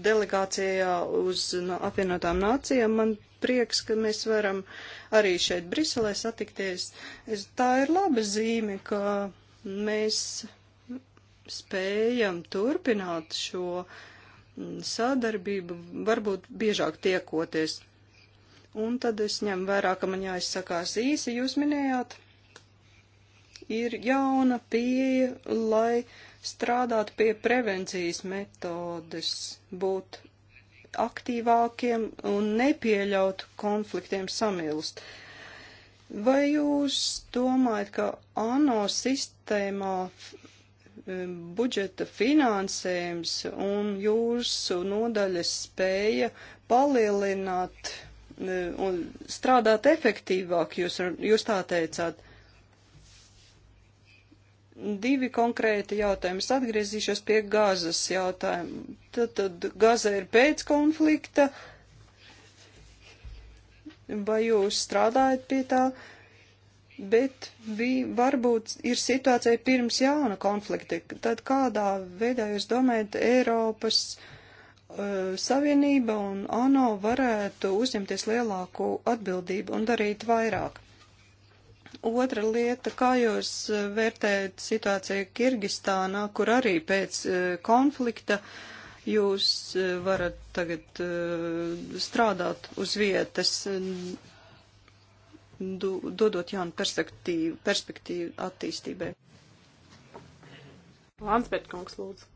delegācijā uz no apvienotām nācijām. Man prieks, ka mēs varam arī šeit Briselē satikties. Es, tā ir laba zīme, ka mēs spējam turpināt šo mm, sadarbību, varbūt biežāk tiekoties. Un tad es ņemu vērā, ka man jāizsakās īsi, jūs minējāt, ir jauna pieeja, lai strādātu pie prevencijas metodes, būtu aktīvākiem un nepieļaut konfliktiem samilst. Vai jūs domājat, ka ANO sistēmā budžeta finansējums un jūsu nodaļas spēja palielināt un strādāt efektīvāk, jūs, jūs tā teicāt? divi konkrēti jautājumi. Es atgriezīšos pie gazas jautājumu. Tad, tad gaza ir pēc konflikta. Vai jūs strādājat pie tā? Bet bija, varbūt ir situācija pirms jauna konflikta. Tad kādā veidā jūs domājat Eiropas uh, Savienība un ANO varētu uzņemties lielāku atbildību un darīt vairāk? Otra lieta, kā jūs eh, vērtējat situāciju Kirgistānā, kur arī pēc eh, konflikta jūs eh, varat tagad strādāt uz vietas, mm, dodot jaunu perspektīvu, perspektīvu attīstībai? Lansbērts kungs, lūdzu.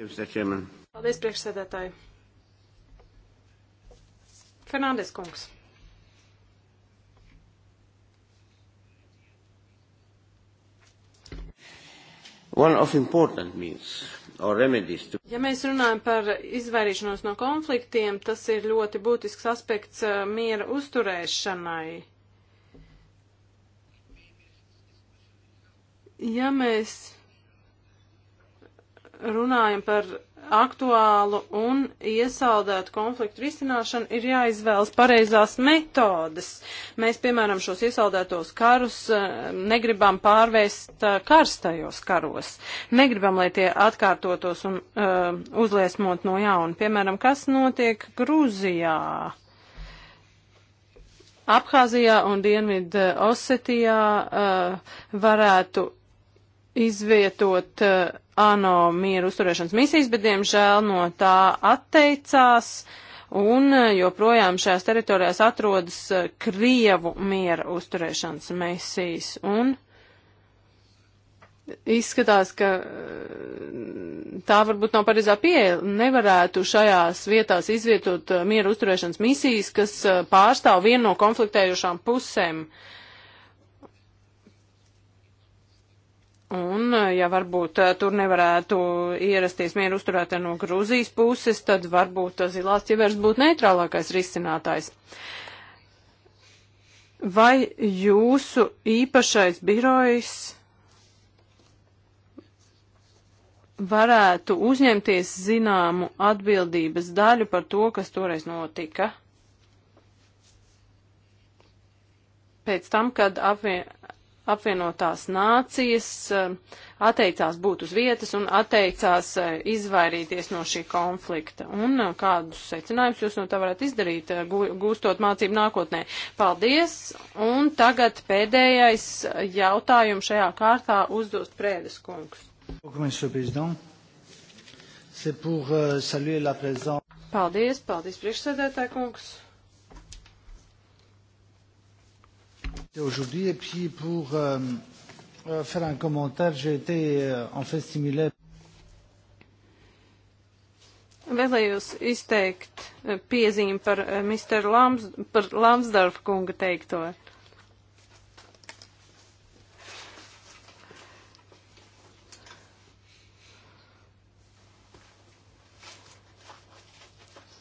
Jūs tačiem. Paldies, priekšsēdētāji. Fernandes kungs. One of important means Ja mēs runājam par izvairīšanos no konfliktiem, tas ir ļoti būtisks aspekts eh, miera uzturēšanai. Ja mēs runājam par aktuālu un iesaldētu konfliktu risināšanu, ir jāizvēlas pareizās metodes. Mēs, piemēram, šos iesaldētos karus eh, negribam pārvērst eh, karstajos karos. Negribam, lai tie atkārtotos un uh, uzliesmot no jauna. Piemēram, kas notiek Grūzijā? Abhāzijā un Dienvidu Osetijā uh, varētu izvietot uh, ANO mieru uzturēšanas misijas, bet diemžēl no tā atteicās un uh, joprojām šajās teritorijās atrodas uh, Krievu miera uzturēšanas misijas. Un izskatās, ka tā varbūt nav pareizā pieeja. Nevarētu šajās vietās izvietot miera uzturēšanas misijas, kas pārstāv vienu no konfliktējušām pusēm. Uh, Un, eh, ja varbūt eh, tur nevarētu ierasties mieru uzturētā no Grūzijas puses, tad varbūt zilās ķivers būtu neitrālākais risinātājs. Vai jūsu īpašais birojs varētu uzņemties zināmu atbildības daļu par to, kas toreiz notika? Pēc tam, kad apvien, apvienotās nācijas eh, atteicās būt uz vietas un atteicās eh, izvairīties no šī konflikta. Un eh, kādus secinājumus jūs no tā varat izdarīt, gūstot mācību nākotnē? Paldies! Un tagad pēdējais jautājums šajā kārtā uzdos Prēdes kungs. Euh, paldies, paldies priekšsēdētāj kungs. aujourd'hui. Et puis pour euh, euh, faire un commentaire, j'ai été euh, en fait similaire. Vēlējos izteikt euh, piezīmi par euh, Mr. Lams, par Lamsdorfa kunga teikto. Uh,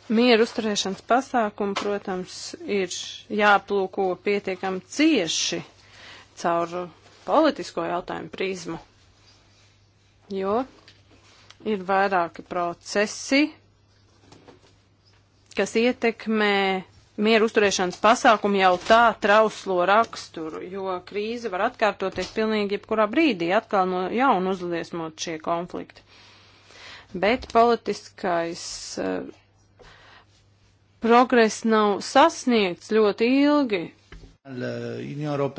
Mieru uzturēšanas pasākumi, protams, ir jāplūko pietiekami cieši caur politisko jautājumu prizmu, jo ir vairāki procesi, kas ietekmē mieru uzturēšanas pasākumu jau tā trauslo raksturu, jo krīze var atkārtoties pilnīgi jebkurā brīdī, atkal no jauna uzliesmot šie konflikti. Bet politiskais uh, progress nav sasniegts ļoti ilgi. Uh,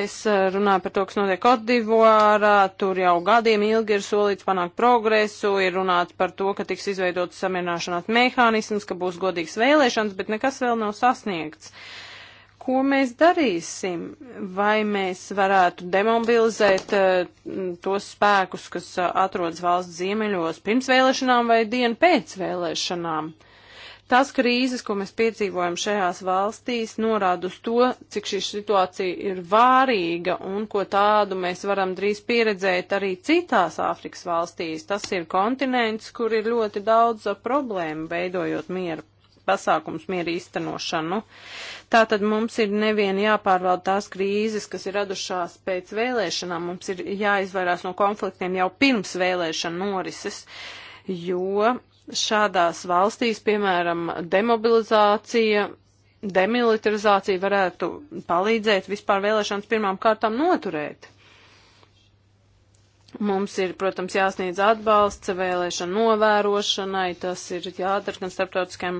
es uh, runāju par to, kas notiek Kotdivārā, tur jau gadiem ilgi ir solīts panākt progresu, ir runāts par to, ka tiks izveidots samierināšanās mehānisms, ka būs godīgs vēlēšanas, bet nekas vēl nav sasniegts. Uh, ko mēs darīsim? Vai mēs varētu demobilizēt eh, tos spēkus, kas eh, atrodas valsts ziemeļos pirms vēlēšanām vai dienu pēc vēlēšanām? Tās krīzes, ko mēs piedzīvojam šajās valstīs, norāda uz to, cik šī situācija ir vārīga un ko tādu mēs varam drīz pieredzēt arī citās Āfrikas valstīs. Tas ir kontinents, kur ir ļoti daudz eh, problēmu veidojot mieru pasākums mieru īstenošanu. Tātad mums ir nevien jāpārvalda tās krīzes, kas ir radušās pēc vēlēšanām, mums ir jāizvairās no konfliktiem jau pirms vēlēšana norises, jo šādās valstīs, piemēram, demobilizācija, demilitarizācija varētu palīdzēt vispār vēlēšanas pirmām kārtām noturēt. Mums ir, protams, jāsniedz atbalsts vēlēšana novērošanai, tas ir jādara gan starptautiskajām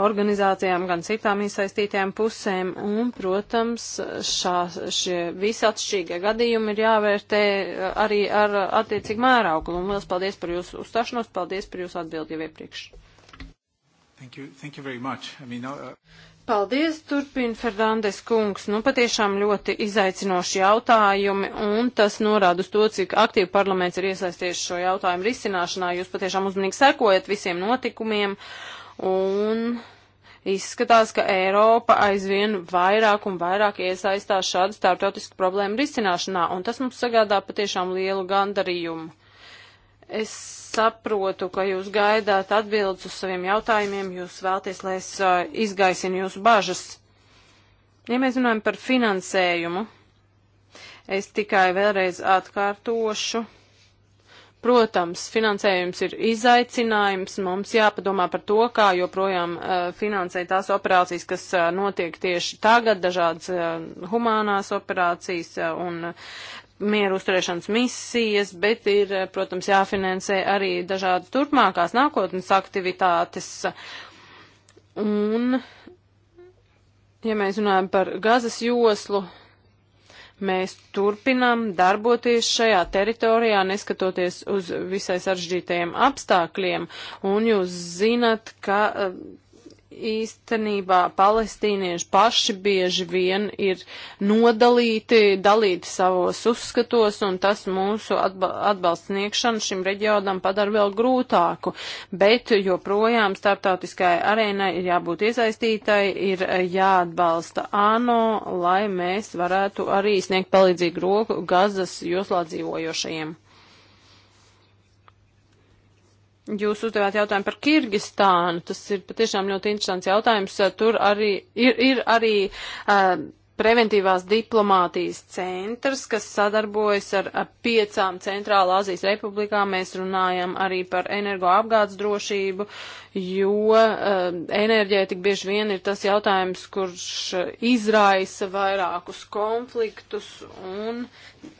organizācijām, gan citām iesaistītajām pusēm, un, protams, šā, šie visi atšķirīgie gadījumi ir jāvērtē eh, arī ar attiecīgu mērauglu, un liels paldies par jūsu uzstāšanos, paldies par jūsu atbildi jau iepriekš. Thank you, thank you very much. I mean, now, uh... Paldies, turpina Fernandes kungs. Nu, patiešām ļoti izaicinoši jautājumi, un tas norāda uz to, cik aktīvi parlaments ir iesaisties šo jautājumu risināšanā. Jūs patiešām uzmanīgi sekojat visiem notikumiem, un izskatās, ka Eiropa aizvien vairāk un vairāk iesaistās šādu starptautisku problēmu risināšanā, un tas mums sagādā patiešām lielu gandarījumu. Es saprotu, ka jūs gaidāt atbildes uz saviem jautājumiem, jūs vēlties, lai es uh, izgaisinu jūsu bažas. Ja mēs runājam par finansējumu, es tikai vēlreiz atkārtošu. Protams, finansējums ir izaicinājums. Mums jāpadomā par to, kā joprojām uh, finansēt tās operācijas, kas uh, notiek tieši tagad, dažādas uh, humānās operācijas uh, un uh, mieru uzturēšanas misijas, bet ir, eh, protams, jāfinansē arī dažādas turpmākās nākotnes aktivitātes. Un, ja mēs runājam par gazas joslu, mēs turpinām darboties šajā teritorijā, neskatoties uz visai saržģītajiem apstākļiem, un jūs zinat, ka eh, īstenībā palestīnieši paši bieži vien ir nodalīti, dalīti savos uzskatos, un tas mūsu atba atbalsts sniegšanu šim reģionam padara vēl grūtāku. Bet joprojām starptautiskai arēnai ir jābūt iesaistītai, ir jāatbalsta ANO, lai mēs varētu arī sniegt palīdzīgu roku gazas joslā dzīvojošajiem. Jūs uzdevāt jautājumu par Kirgistānu. Tas ir patiešām ļoti interesants jautājums. Tur arī ir, ir arī. Uh, preventīvās diplomātijas centrs, kas sadarbojas ar, ar piecām centrāla Azijas republikām. Mēs runājam arī par energoapgādes drošību, jo uh, enerģētika bieži vien ir tas jautājums, kurš izraisa vairākus konfliktus, un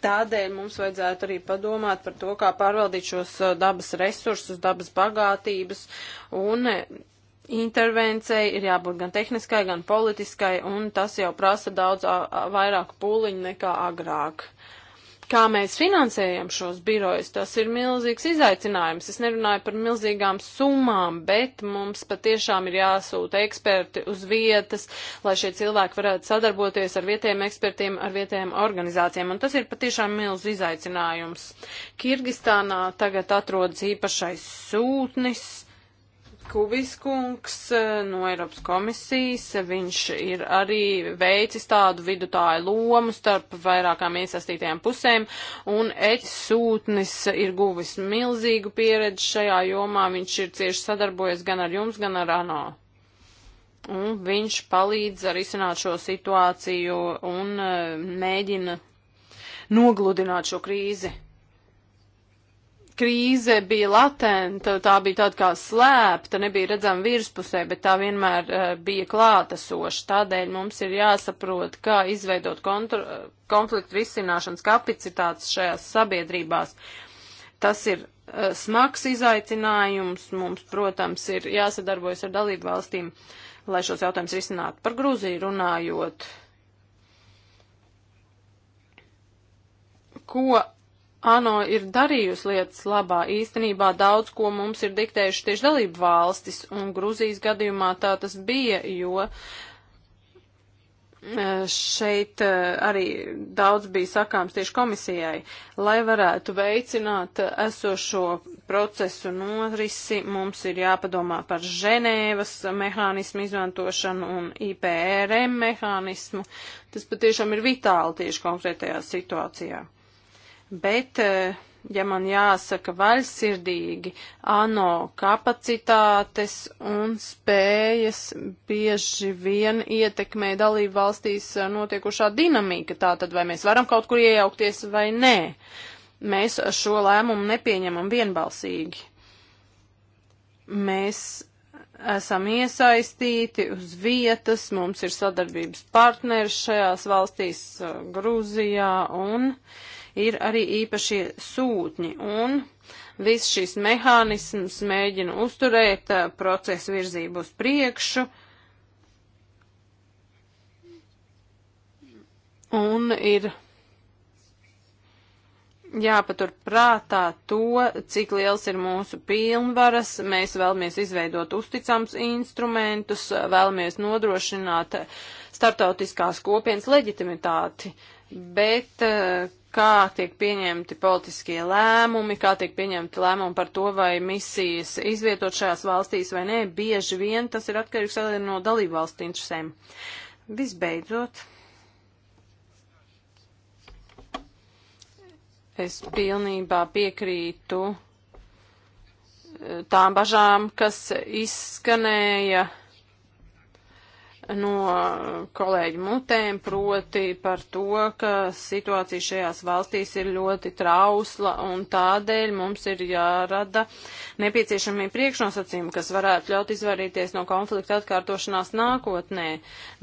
tādēļ mums vajadzētu arī padomāt par to, kā pārvaldīt šos uh, dabas resursus, dabas bagātības, un intervencei ir jābūt gan tehniskai, gan politiskai, un tas jau prasa daudz vairāk pūliņu nekā agrāk. Kā mēs finansējam šos birojus, tas ir milzīgs izaicinājums. Es nerunāju par milzīgām summām, bet mums patiešām ir jāsūta eksperti uz vietas, lai šie cilvēki varētu sadarboties ar vietējiem ekspertiem, ar vietējiem organizācijām. Un tas ir patiešām milz izaicinājums. Kirgistānā tagad atrodas īpašais sūtnis Kubiskungs eh, no Eiropas komisijas, viņš ir arī veicis tādu vidutāju lomu starp vairākām iesaistītajām pusēm, un Eķis Sūtnis ir guvis milzīgu pieredzi šajā jomā, viņš ir cieši sadarbojies gan ar jums, gan ar ANO. Un viņš palīdz arī izsināt šo situāciju un eh, mēģina nogludināt šo krīzi krīze bija latenta, tā bija tāda kā slēpta, nebija redzama virspusē, bet tā vienmēr uh, bija klātesoša. Tādēļ mums ir jāsaprot, kā izveidot konfliktu risināšanas kapacitātes šajās sabiedrībās. Tas ir uh, smags izaicinājums. Mums, protams, ir jāsadarbojas ar dalību valstīm, lai šos jautājumus risinātu. Par Grūziju runājot. Ko ANO ir darījusi lietas labā. Īstenībā daudz ko mums ir diktējuši tieši dalību valstis, un Gruzijas gadījumā tā tas bija, jo e, šeit e, arī daudz bija sakāms tieši komisijai, lai varētu veicināt esošo procesu norisi, mums ir jāpadomā par Ženēvas mehānismu izmantošanu un IPRM mehānismu. Tas patiešām ir vitāli tieši konkrētajā situācijā bet, eh, ja man jāsaka vaļsirdīgi, ANO kapacitātes un spējas bieži vien ietekmē dalību valstīs eh, notiekušā dinamika, tātad vai mēs varam kaut kur iejaukties vai nē. Mēs šo lēmumu nepieņemam vienbalsīgi. Mēs esam iesaistīti uz vietas, mums ir sadarbības partneri šajās valstīs, eh, Grūzijā, un ir arī īpašie sūtņi. Un viss šis mehānisms mēģina uzturēt eh, procesu virzību uz priekšu. Un ir jāpatur prātā to, cik liels ir mūsu pilnvaras. Mēs vēlamies izveidot uzticams instrumentus, vēlamies nodrošināt starptautiskās kopienas leģitimitāti, bet eh, kā tiek pieņemti politiskie lēmumi, kā tiek pieņemti lēmumi par to, vai misijas izvietot šajās valstīs vai nē, bieži vien tas ir atkarīgs arī no dalību valstu interesēm. Visbeidzot, es pilnībā piekrītu eh, tām bažām, kas izskanēja no kolēģu mutēm, proti par to, ka situācija šajās valstīs ir ļoti trausla un tādēļ mums ir jārada nepieciešamie priekšnosacījumi, kas varētu ļaut izvairīties no konflikta atkārtošanās nākotnē.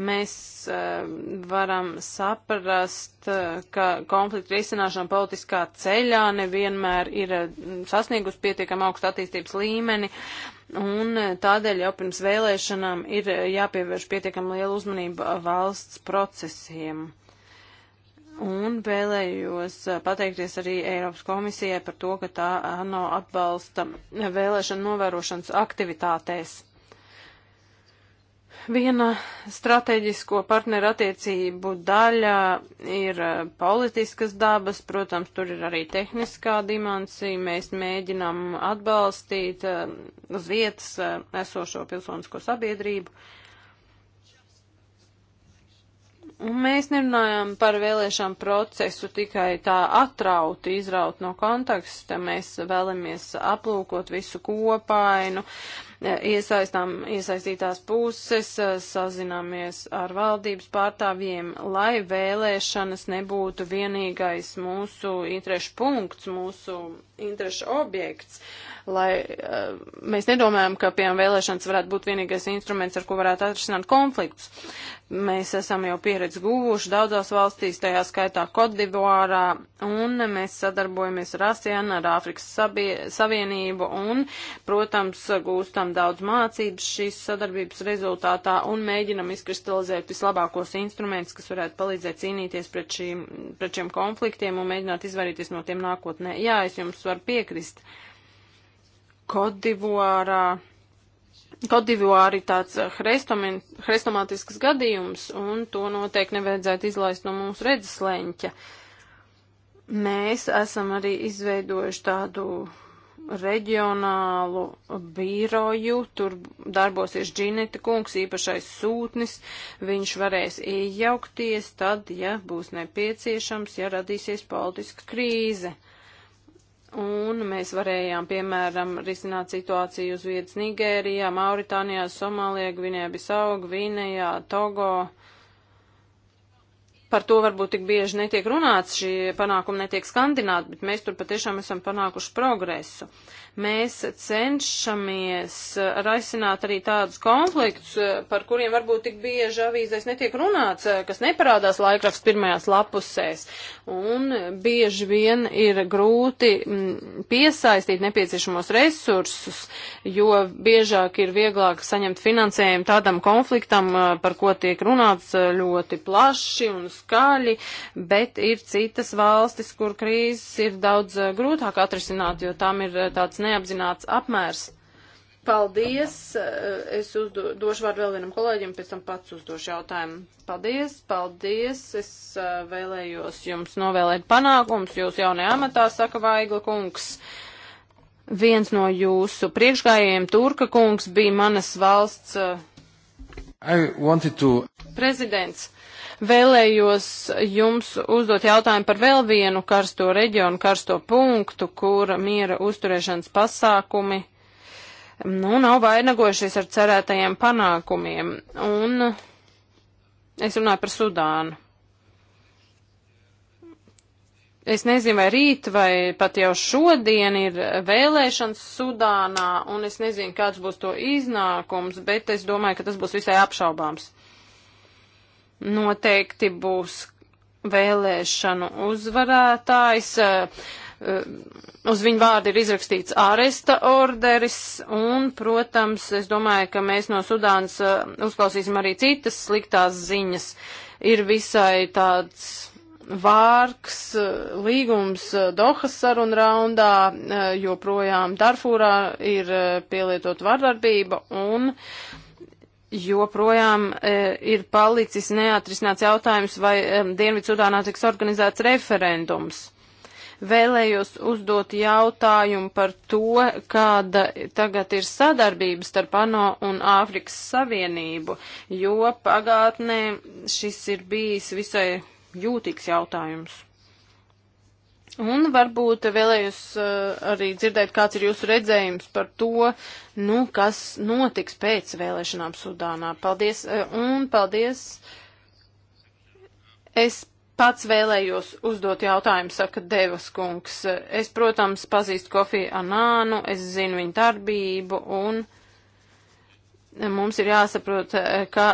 Mēs uh, varam saprast, uh, ka konflikta risināšana politiskā ceļā nevienmēr ir mm, sasniegus pietiekam augstu attīstības līmeni. Uh, un tādēļ jau pirms vēlēšanām ir jāpievērš pietiekam liela uzmanība valsts procesiem. Un vēlējos pateikties arī Eiropas komisijai par to, ka tā ANO atbalsta vēlēšana novērošanas aktivitātēs. Viena strateģisko partneru attiecību daļa ir eh, politiskas dabas, protams, tur ir arī tehniskā dimensija. Mēs mēģinām atbalstīt eh, uz vietas eh, esošo pilsonisko sabiedrību. Un mēs nerunājām par vēlēšanu procesu tikai tā atrauti, izraut no konteksta. Mēs vēlamies aplūkot visu kopainu. Nu, Eh, iesaistām iesaistītās puses, eh, sazināmies ar valdības pārstāvjiem, lai vēlēšanas nebūtu vienīgais mūsu interešu punkts, mūsu interešu objekts, lai eh, mēs nedomājam, ka, piemēram, vēlēšanas varētu būt vienīgais instruments, ar ko varētu atrisināt konfliktus. Mēs esam jau pieredzi guvuši daudzās valstīs, tajā skaitā Kodivārā, un mēs sadarbojamies ar ASEAN, ar Āfrikas Savienību, un, protams, gūstam guvām daudz mācības šīs sadarbības rezultātā un mēģinam izkristalizēt vislabākos instrumentus, kas varētu palīdzēt cīnīties pret, šīm, pret šiem konfliktiem un mēģināt izvairīties no tiem nākotnē. Jā, es jums varu piekrist. Kodivuārā. Kodivuāri tāds hrestomātisks gadījums, un to noteikti nevajadzētu izlaist no mūsu redzeslēņķa. Mēs esam arī izveidojuši tādu reģionālu bīroju, tur darbosies Džineta kungs, īpašais sūtnis, viņš varēs iejaukties tad, ja būs nepieciešams, ja radīsies politiska krīze. Un mēs varējām, piemēram, risināt situāciju uz vietas Nigērijā, Mauritānijā, Somālijā, Gvinējā, Bisau, Gvinējā, Togo par to varbūt tik bieži netiek runāts, šie panākumi netiek skandināti, bet mēs tur patiešām esam panākuši progresu. Mēs cenšamies eh, raisināt arī tādus konfliktus, eh, par kuriem varbūt tik bieži avīzēs netiek runāts, eh, kas neparādās laikraksts pirmajās lapusēs. Un bieži vien ir grūti mm, piesaistīt nepieciešamos resursus, jo biežāk ir vieglāk saņemt finansējumu tādam konfliktam, par ko tiek runāts ļoti plaši un skaļi, bet ir citas valstis, kur krīzes ir daudz grūtāk atrisināt, jo tam ir tāds neapzināts apmērs. Paldies! Es uzdo, došu vārdu vēl vienam kolēģim, pēc tam pats uzdošu jautājumu. Paldies, paldies! Es vēlējos jums novēlēt panākums, jūs jaunajā amatā, saka Vaigla kungs. Viens no jūsu priekšgājiem, Turka kungs, bija manas valsts to... prezidents. Vēlējos jums uzdot jautājumu par vēl vienu karsto reģionu, karsto punktu, kur miera uzturēšanas pasākumi nu, nav vainagojušies ar cerētajiem panākumiem. Un es runāju par Sudānu. Es nezinu, vai rīt vai pat jau šodien ir vēlēšanas Sudānā, un es nezinu, kāds būs to iznākums, bet es domāju, ka tas būs visai apšaubāms noteikti būs vēlēšanu uzvarētājs. Uz viņu vārdu ir izrakstīts āresta orderis, un, protams, es domāju, ka mēs no Sudānas uh, uzklausīsim arī citas sliktās ziņas. Ir visai tāds vārks uh, līgums uh, Dohas saruna raundā, joprojām Darfūrā ir pielietot vardarbība, un joprojām e, ir palicis neatrisināts jautājums, vai e, Dienvidsudānā tiks organizēts referendums. Vēlējos uzdot jautājumu par to, kāda tagad ir sadarbība starp ANO un Āfrikas Savienību, jo pagātnē šis ir bijis visai jūtīgs jautājums. Un varbūt vēlējos eh, arī dzirdēt, kāds ir jūsu redzējums par to, nu, kas notiks pēc vēlēšanām Sudānā. Paldies, eh, un paldies. Es pats vēlējos uzdot jautājumu, saka Devas kungs. Es, protams, pazīstu Kofiju Anānu, es zinu viņu darbību un mums ir jāsaprot, eh, ka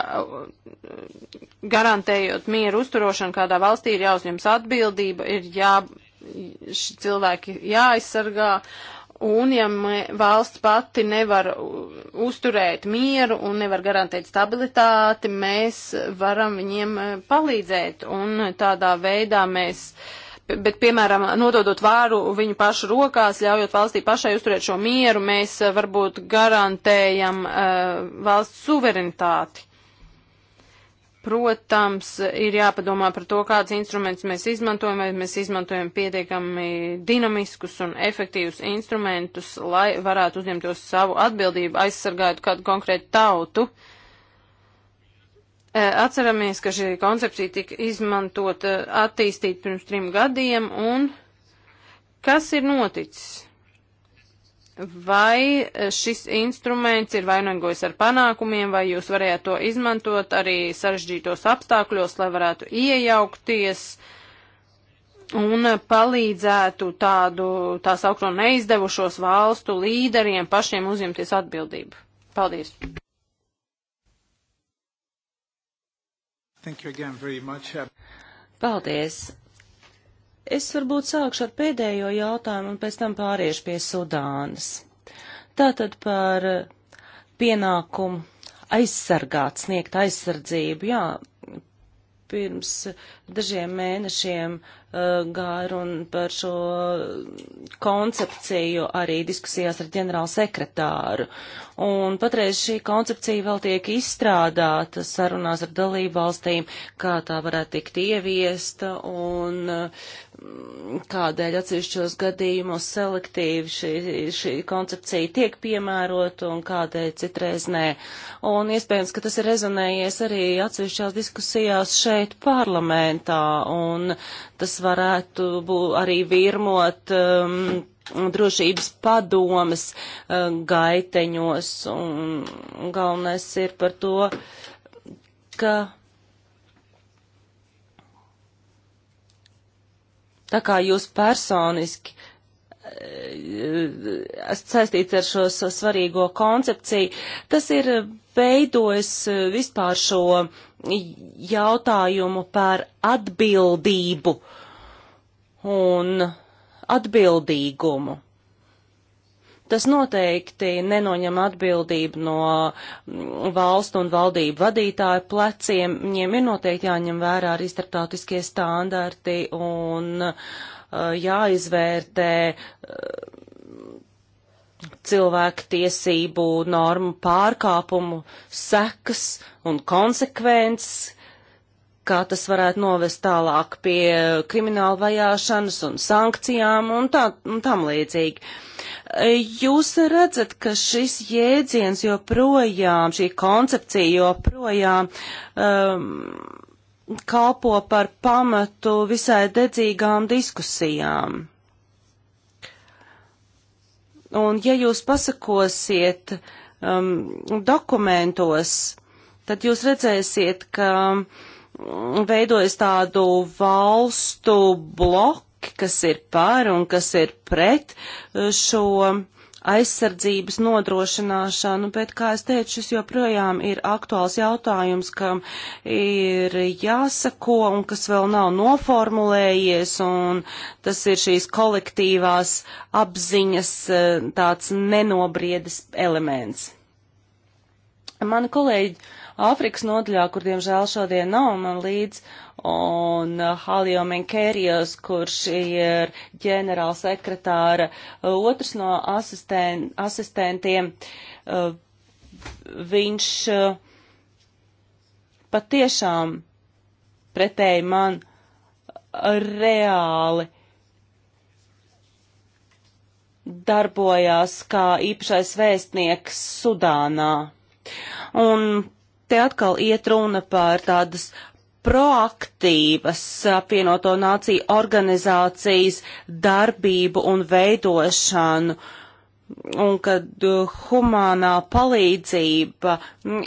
garantējot mieru uzturošanu kādā valstī ir jāuzņems atbildība, ir jā cilvēki jāaizsargā. Un ja valsts pati nevar uzturēt mieru un nevar garantēt stabilitāti, mēs varam viņiem e, palīdzēt. Un tādā veidā mēs uh, bet, piemēram, nododot vāru viņu pašu rokās, ļaujot valstī pašai uzturēt šo mieru, mēs e, varbūt garantējam uh, valsts suverenitāti. Protams, ir jāpadomā par to, kāds instruments mēs izmantojam, vai mēs izmantojam pietiekami dinamiskus un efektīvus instrumentus, lai varētu uzņemtos savu atbildību, aizsargājot kādu konkrētu tautu. E, atceramies, ka šī koncepcija tika izmantota attīstīt pirms trim gadiem, un kas ir noticis? Vai e, šis instruments ir vainagojis ar panākumiem, vai jūs varējāt to izmantot arī sarežģītos apstākļos, lai varētu iejaukties un palīdzētu tādu tā saukto neizdevušos valstu līderiem pašiem uzņemties atbildību? Paldies! Paldies! Es varbūt sākšu ar pēdējo jautājumu un pēc tam pāriešu pie Sudānas. Tātad par pienākumu aizsargāt, sniegt aizsardzību. Jā, pirms dažiem mēnešiem uh, gāja runa par šo koncepciju arī diskusijās ar ģenerālu sekretāru. Un patreiz šī koncepcija vēl tiek izstrādāta sarunās ar dalību valstīm, kā tā varētu tikt ieviesta. Un uh, kādēļ atsevišķos gadījumos selektīvi šī, šī koncepcija tiek piemērota un kādēļ citreiz nē. Un iespējams, ka tas ir rezonējies arī atsevišķās diskusijās šeit parlamentā, un tas varētu būt arī virmot um, drošības padomas um, uh, gaiteņos, un galvenais ir par to, ka tā kā jūs personiski eh, esat saistīts ar šo svarīgo koncepciju, tas ir veidojis eh, vispār šo jautājumu par atbildību un atbildīgumu. Tas noteikti nenoņem atbildību no mm, valstu un valdību vadītāju pleciem. Viņiem ir noteikti jāņem vērā arī starptautiskie standarti un uh, jāizvērtē uh, cilvēku tiesību normu pārkāpumu sekas un konsekvences, kā tas varētu novest tālāk pie krimināla vajāšanas un sankcijām un, tā, un tam līdzīgi. Uh, Jūs redzat, ka šis jēdziens joprojām, šī koncepcija joprojām um, kalpo par pamatu visai dedzīgām diskusijām. Un ja jūs pasakosiet um, dokumentos, tad jūs redzēsiet, ka um, veidojas tādu valstu bloku, kas ir pār un kas ir pret uh, šo aizsardzības nodrošināšanu, bet, kā es teicu, šis joprojām ir aktuāls jautājums, kam ir jāsako un kas vēl nav noformulējies, un tas ir šīs kolektīvās apziņas uh, tāds nenobriedis elements. Mani kolēģi Āfrikas nodaļā, kur diemžēl šodien nav man līdz, uh, un Halio Menkerijos, kurš ir ģenerāla sekretāra, otrs no asisten, asistentiem, viņš patiešām pretēji man reāli darbojās kā īpašais vēstnieks Sudānā. Un te atkal iet runa par tādas proaktīvas pienoto nāciju organizācijas darbību un veidošanu, un kad humānā palīdzība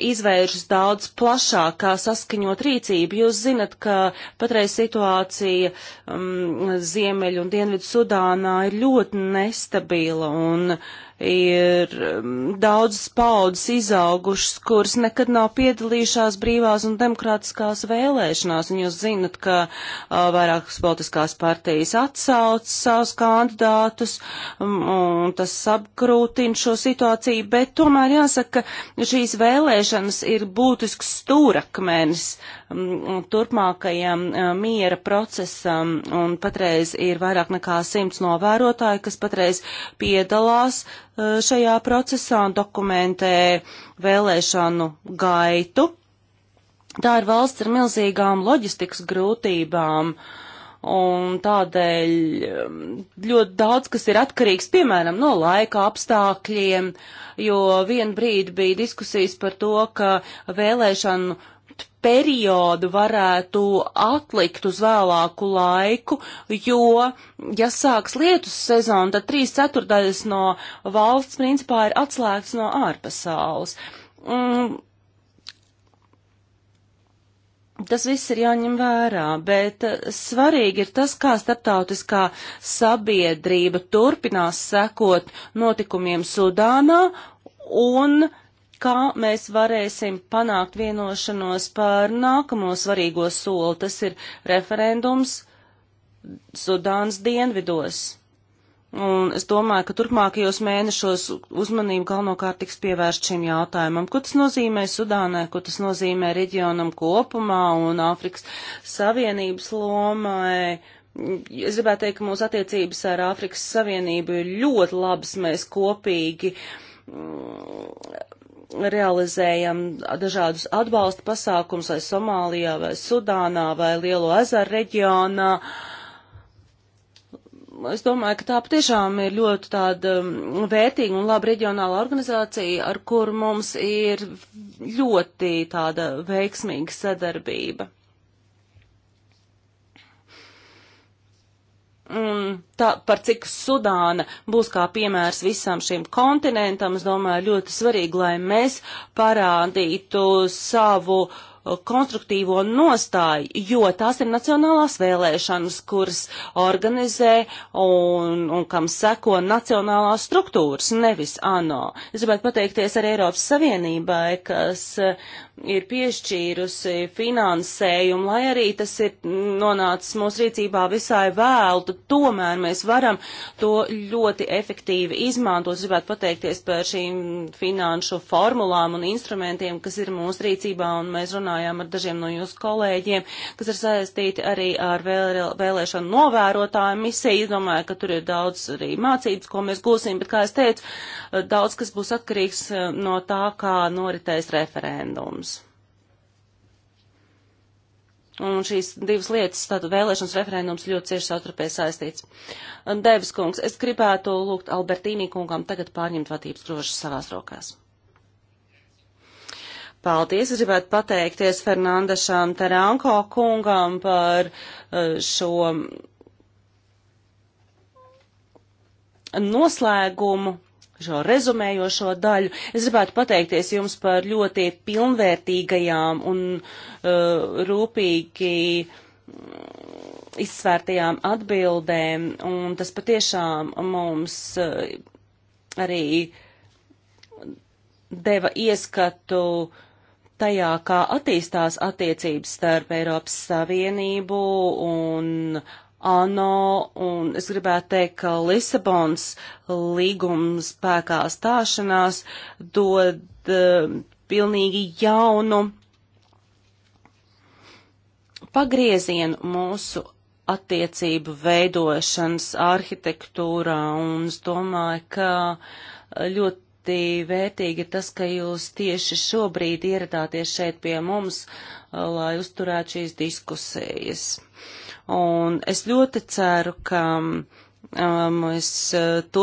izvēršas daudz plašākā saskaņot rīcību. Jūs zinat, ka patreiz situācija um, Ziemeļu un Dienvidu Sudānā ir ļoti nestabila un uh, ir um, daudzas paudzes izaugušas, kuras nekad nav piedalījušās brīvās un demokrātiskās vēlēšanās. Un jūs zinat, ka uh, vairākas politiskās partijas atsauc savus kandidātus, um, un tas apgrūtina šo situāciju, bet tomēr jāsaka, ka šīs vēlēšanas ir būtisks stūrakmenis uh, turpmākajam miera procesam, un patreiz ir vairāk nekā simts novērotāji, kas patreiz piedalās e, šajā procesā un dokumentē vēlēšanu gaitu. Tā ir valsts ar milzīgām loģistikas grūtībām. Un tādēļ ļoti daudz, kas ir atkarīgs, piemēram, no laika apstākļiem, jo vienu brīdi bija diskusijas par to, ka vēlēšanu budžetu periodu varētu atlikt uz vēlāku laiku, jo, ja sāks lietus sezona, tad trīs ceturdaļas no valsts principā ir atslēgts no ārpasaules. Mm. Tas viss ir jāņem vērā, bet eh, svarīgi ir tas, kā starptautiskā sabiedrība turpinās sekot notikumiem Sudānā un uh, kā mēs varēsim panākt vienošanos par nākamo svarīgo soli. Tas ir referendums Sudānas dienvidos. Un es domāju, ka turpmākajos mēnešos uzmanību galvenokārt tiks pievērst šim jautājumam. Ko tas nozīmē Sudānai, ko tas nozīmē reģionam kopumā un Āfrikas Savienības lomai? Es gribētu teikt, ka mūsu attiecības ar Āfrikas Savienību ir ļoti labas. Mēs kopīgi uh, realizējam dažādus atbalsta pasākums vai Somālijā, vai Sudānā, vai Lielo ezeru reģionā. Es domāju, ka tā patiešām ir ļoti tāda um, vērtīga un laba reģionāla organizācija, ar kur mums ir ļoti tāda veiksmīga sadarbība. Un tā, par cik Sudāna būs kā piemērs visam šim kontinentam, es domāju, ļoti svarīgi, lai mēs parādītu savu uh, konstruktīvo nostāju, jo tās ir nacionālās vēlēšanas, kuras organizē un, un kam seko nacionālās struktūras, nevis ANO. Es gribētu pateikties ar Eiropas Savienībai, kas eh, ir piešķīrusi finansējumu, lai arī tas ir nonācis mūsu rīcībā visai vēlu, tomēr mēs varam to ļoti efektīvi izmantot. Es gribētu pateikties par šīm finanšu formulām un instrumentiem, kas ir mūsu rīcībā, un mēs runājam runājām ar dažiem no jūsu kolēģiem, kas ir saistīti arī ar vēl, vēlēšanu novērotāju misiju. Domāju, ka tur ir daudz arī mācības, ko mēs gūsim, bet, kā es teicu, daudz kas būs atkarīgs eh, no tā, kā noritēs referendums. Un šīs divas lietas, tātad vēlēšanas referendums ļoti cieši sautrapēji saistīts. Devis kungs, es gribētu lūgt Albertīnī kungam tagad pārņemt vadības grožas savās rokās. Paldies! Gribētu pateikties Fernandešam Taranko kungam par eh, šo noslēgumu, šo rezumējošo daļu. Es gribētu pateikties jums par ļoti pilnvērtīgajām un uh, rūpīgi mm, izsvērtajām atbildēm, un tas patiešām mums uh, arī deva ieskatu uh, tajā, kā attīstās attiecības starp Eiropas Savienību un ANO, un es gribētu teikt, ka Lisabons līgums spēkā stāšanās dod uh, pilnīgi jaunu pagriezienu mūsu attiecību veidošanas arhitektūrā, un es domāju, ka ļoti ļoti vērtīgi tas, ka jūs tieši šobrīd ieradāties šeit pie mums, uh, lai uzturētu šīs diskusijas. Un es ļoti ceru, ka um, mēs um, to.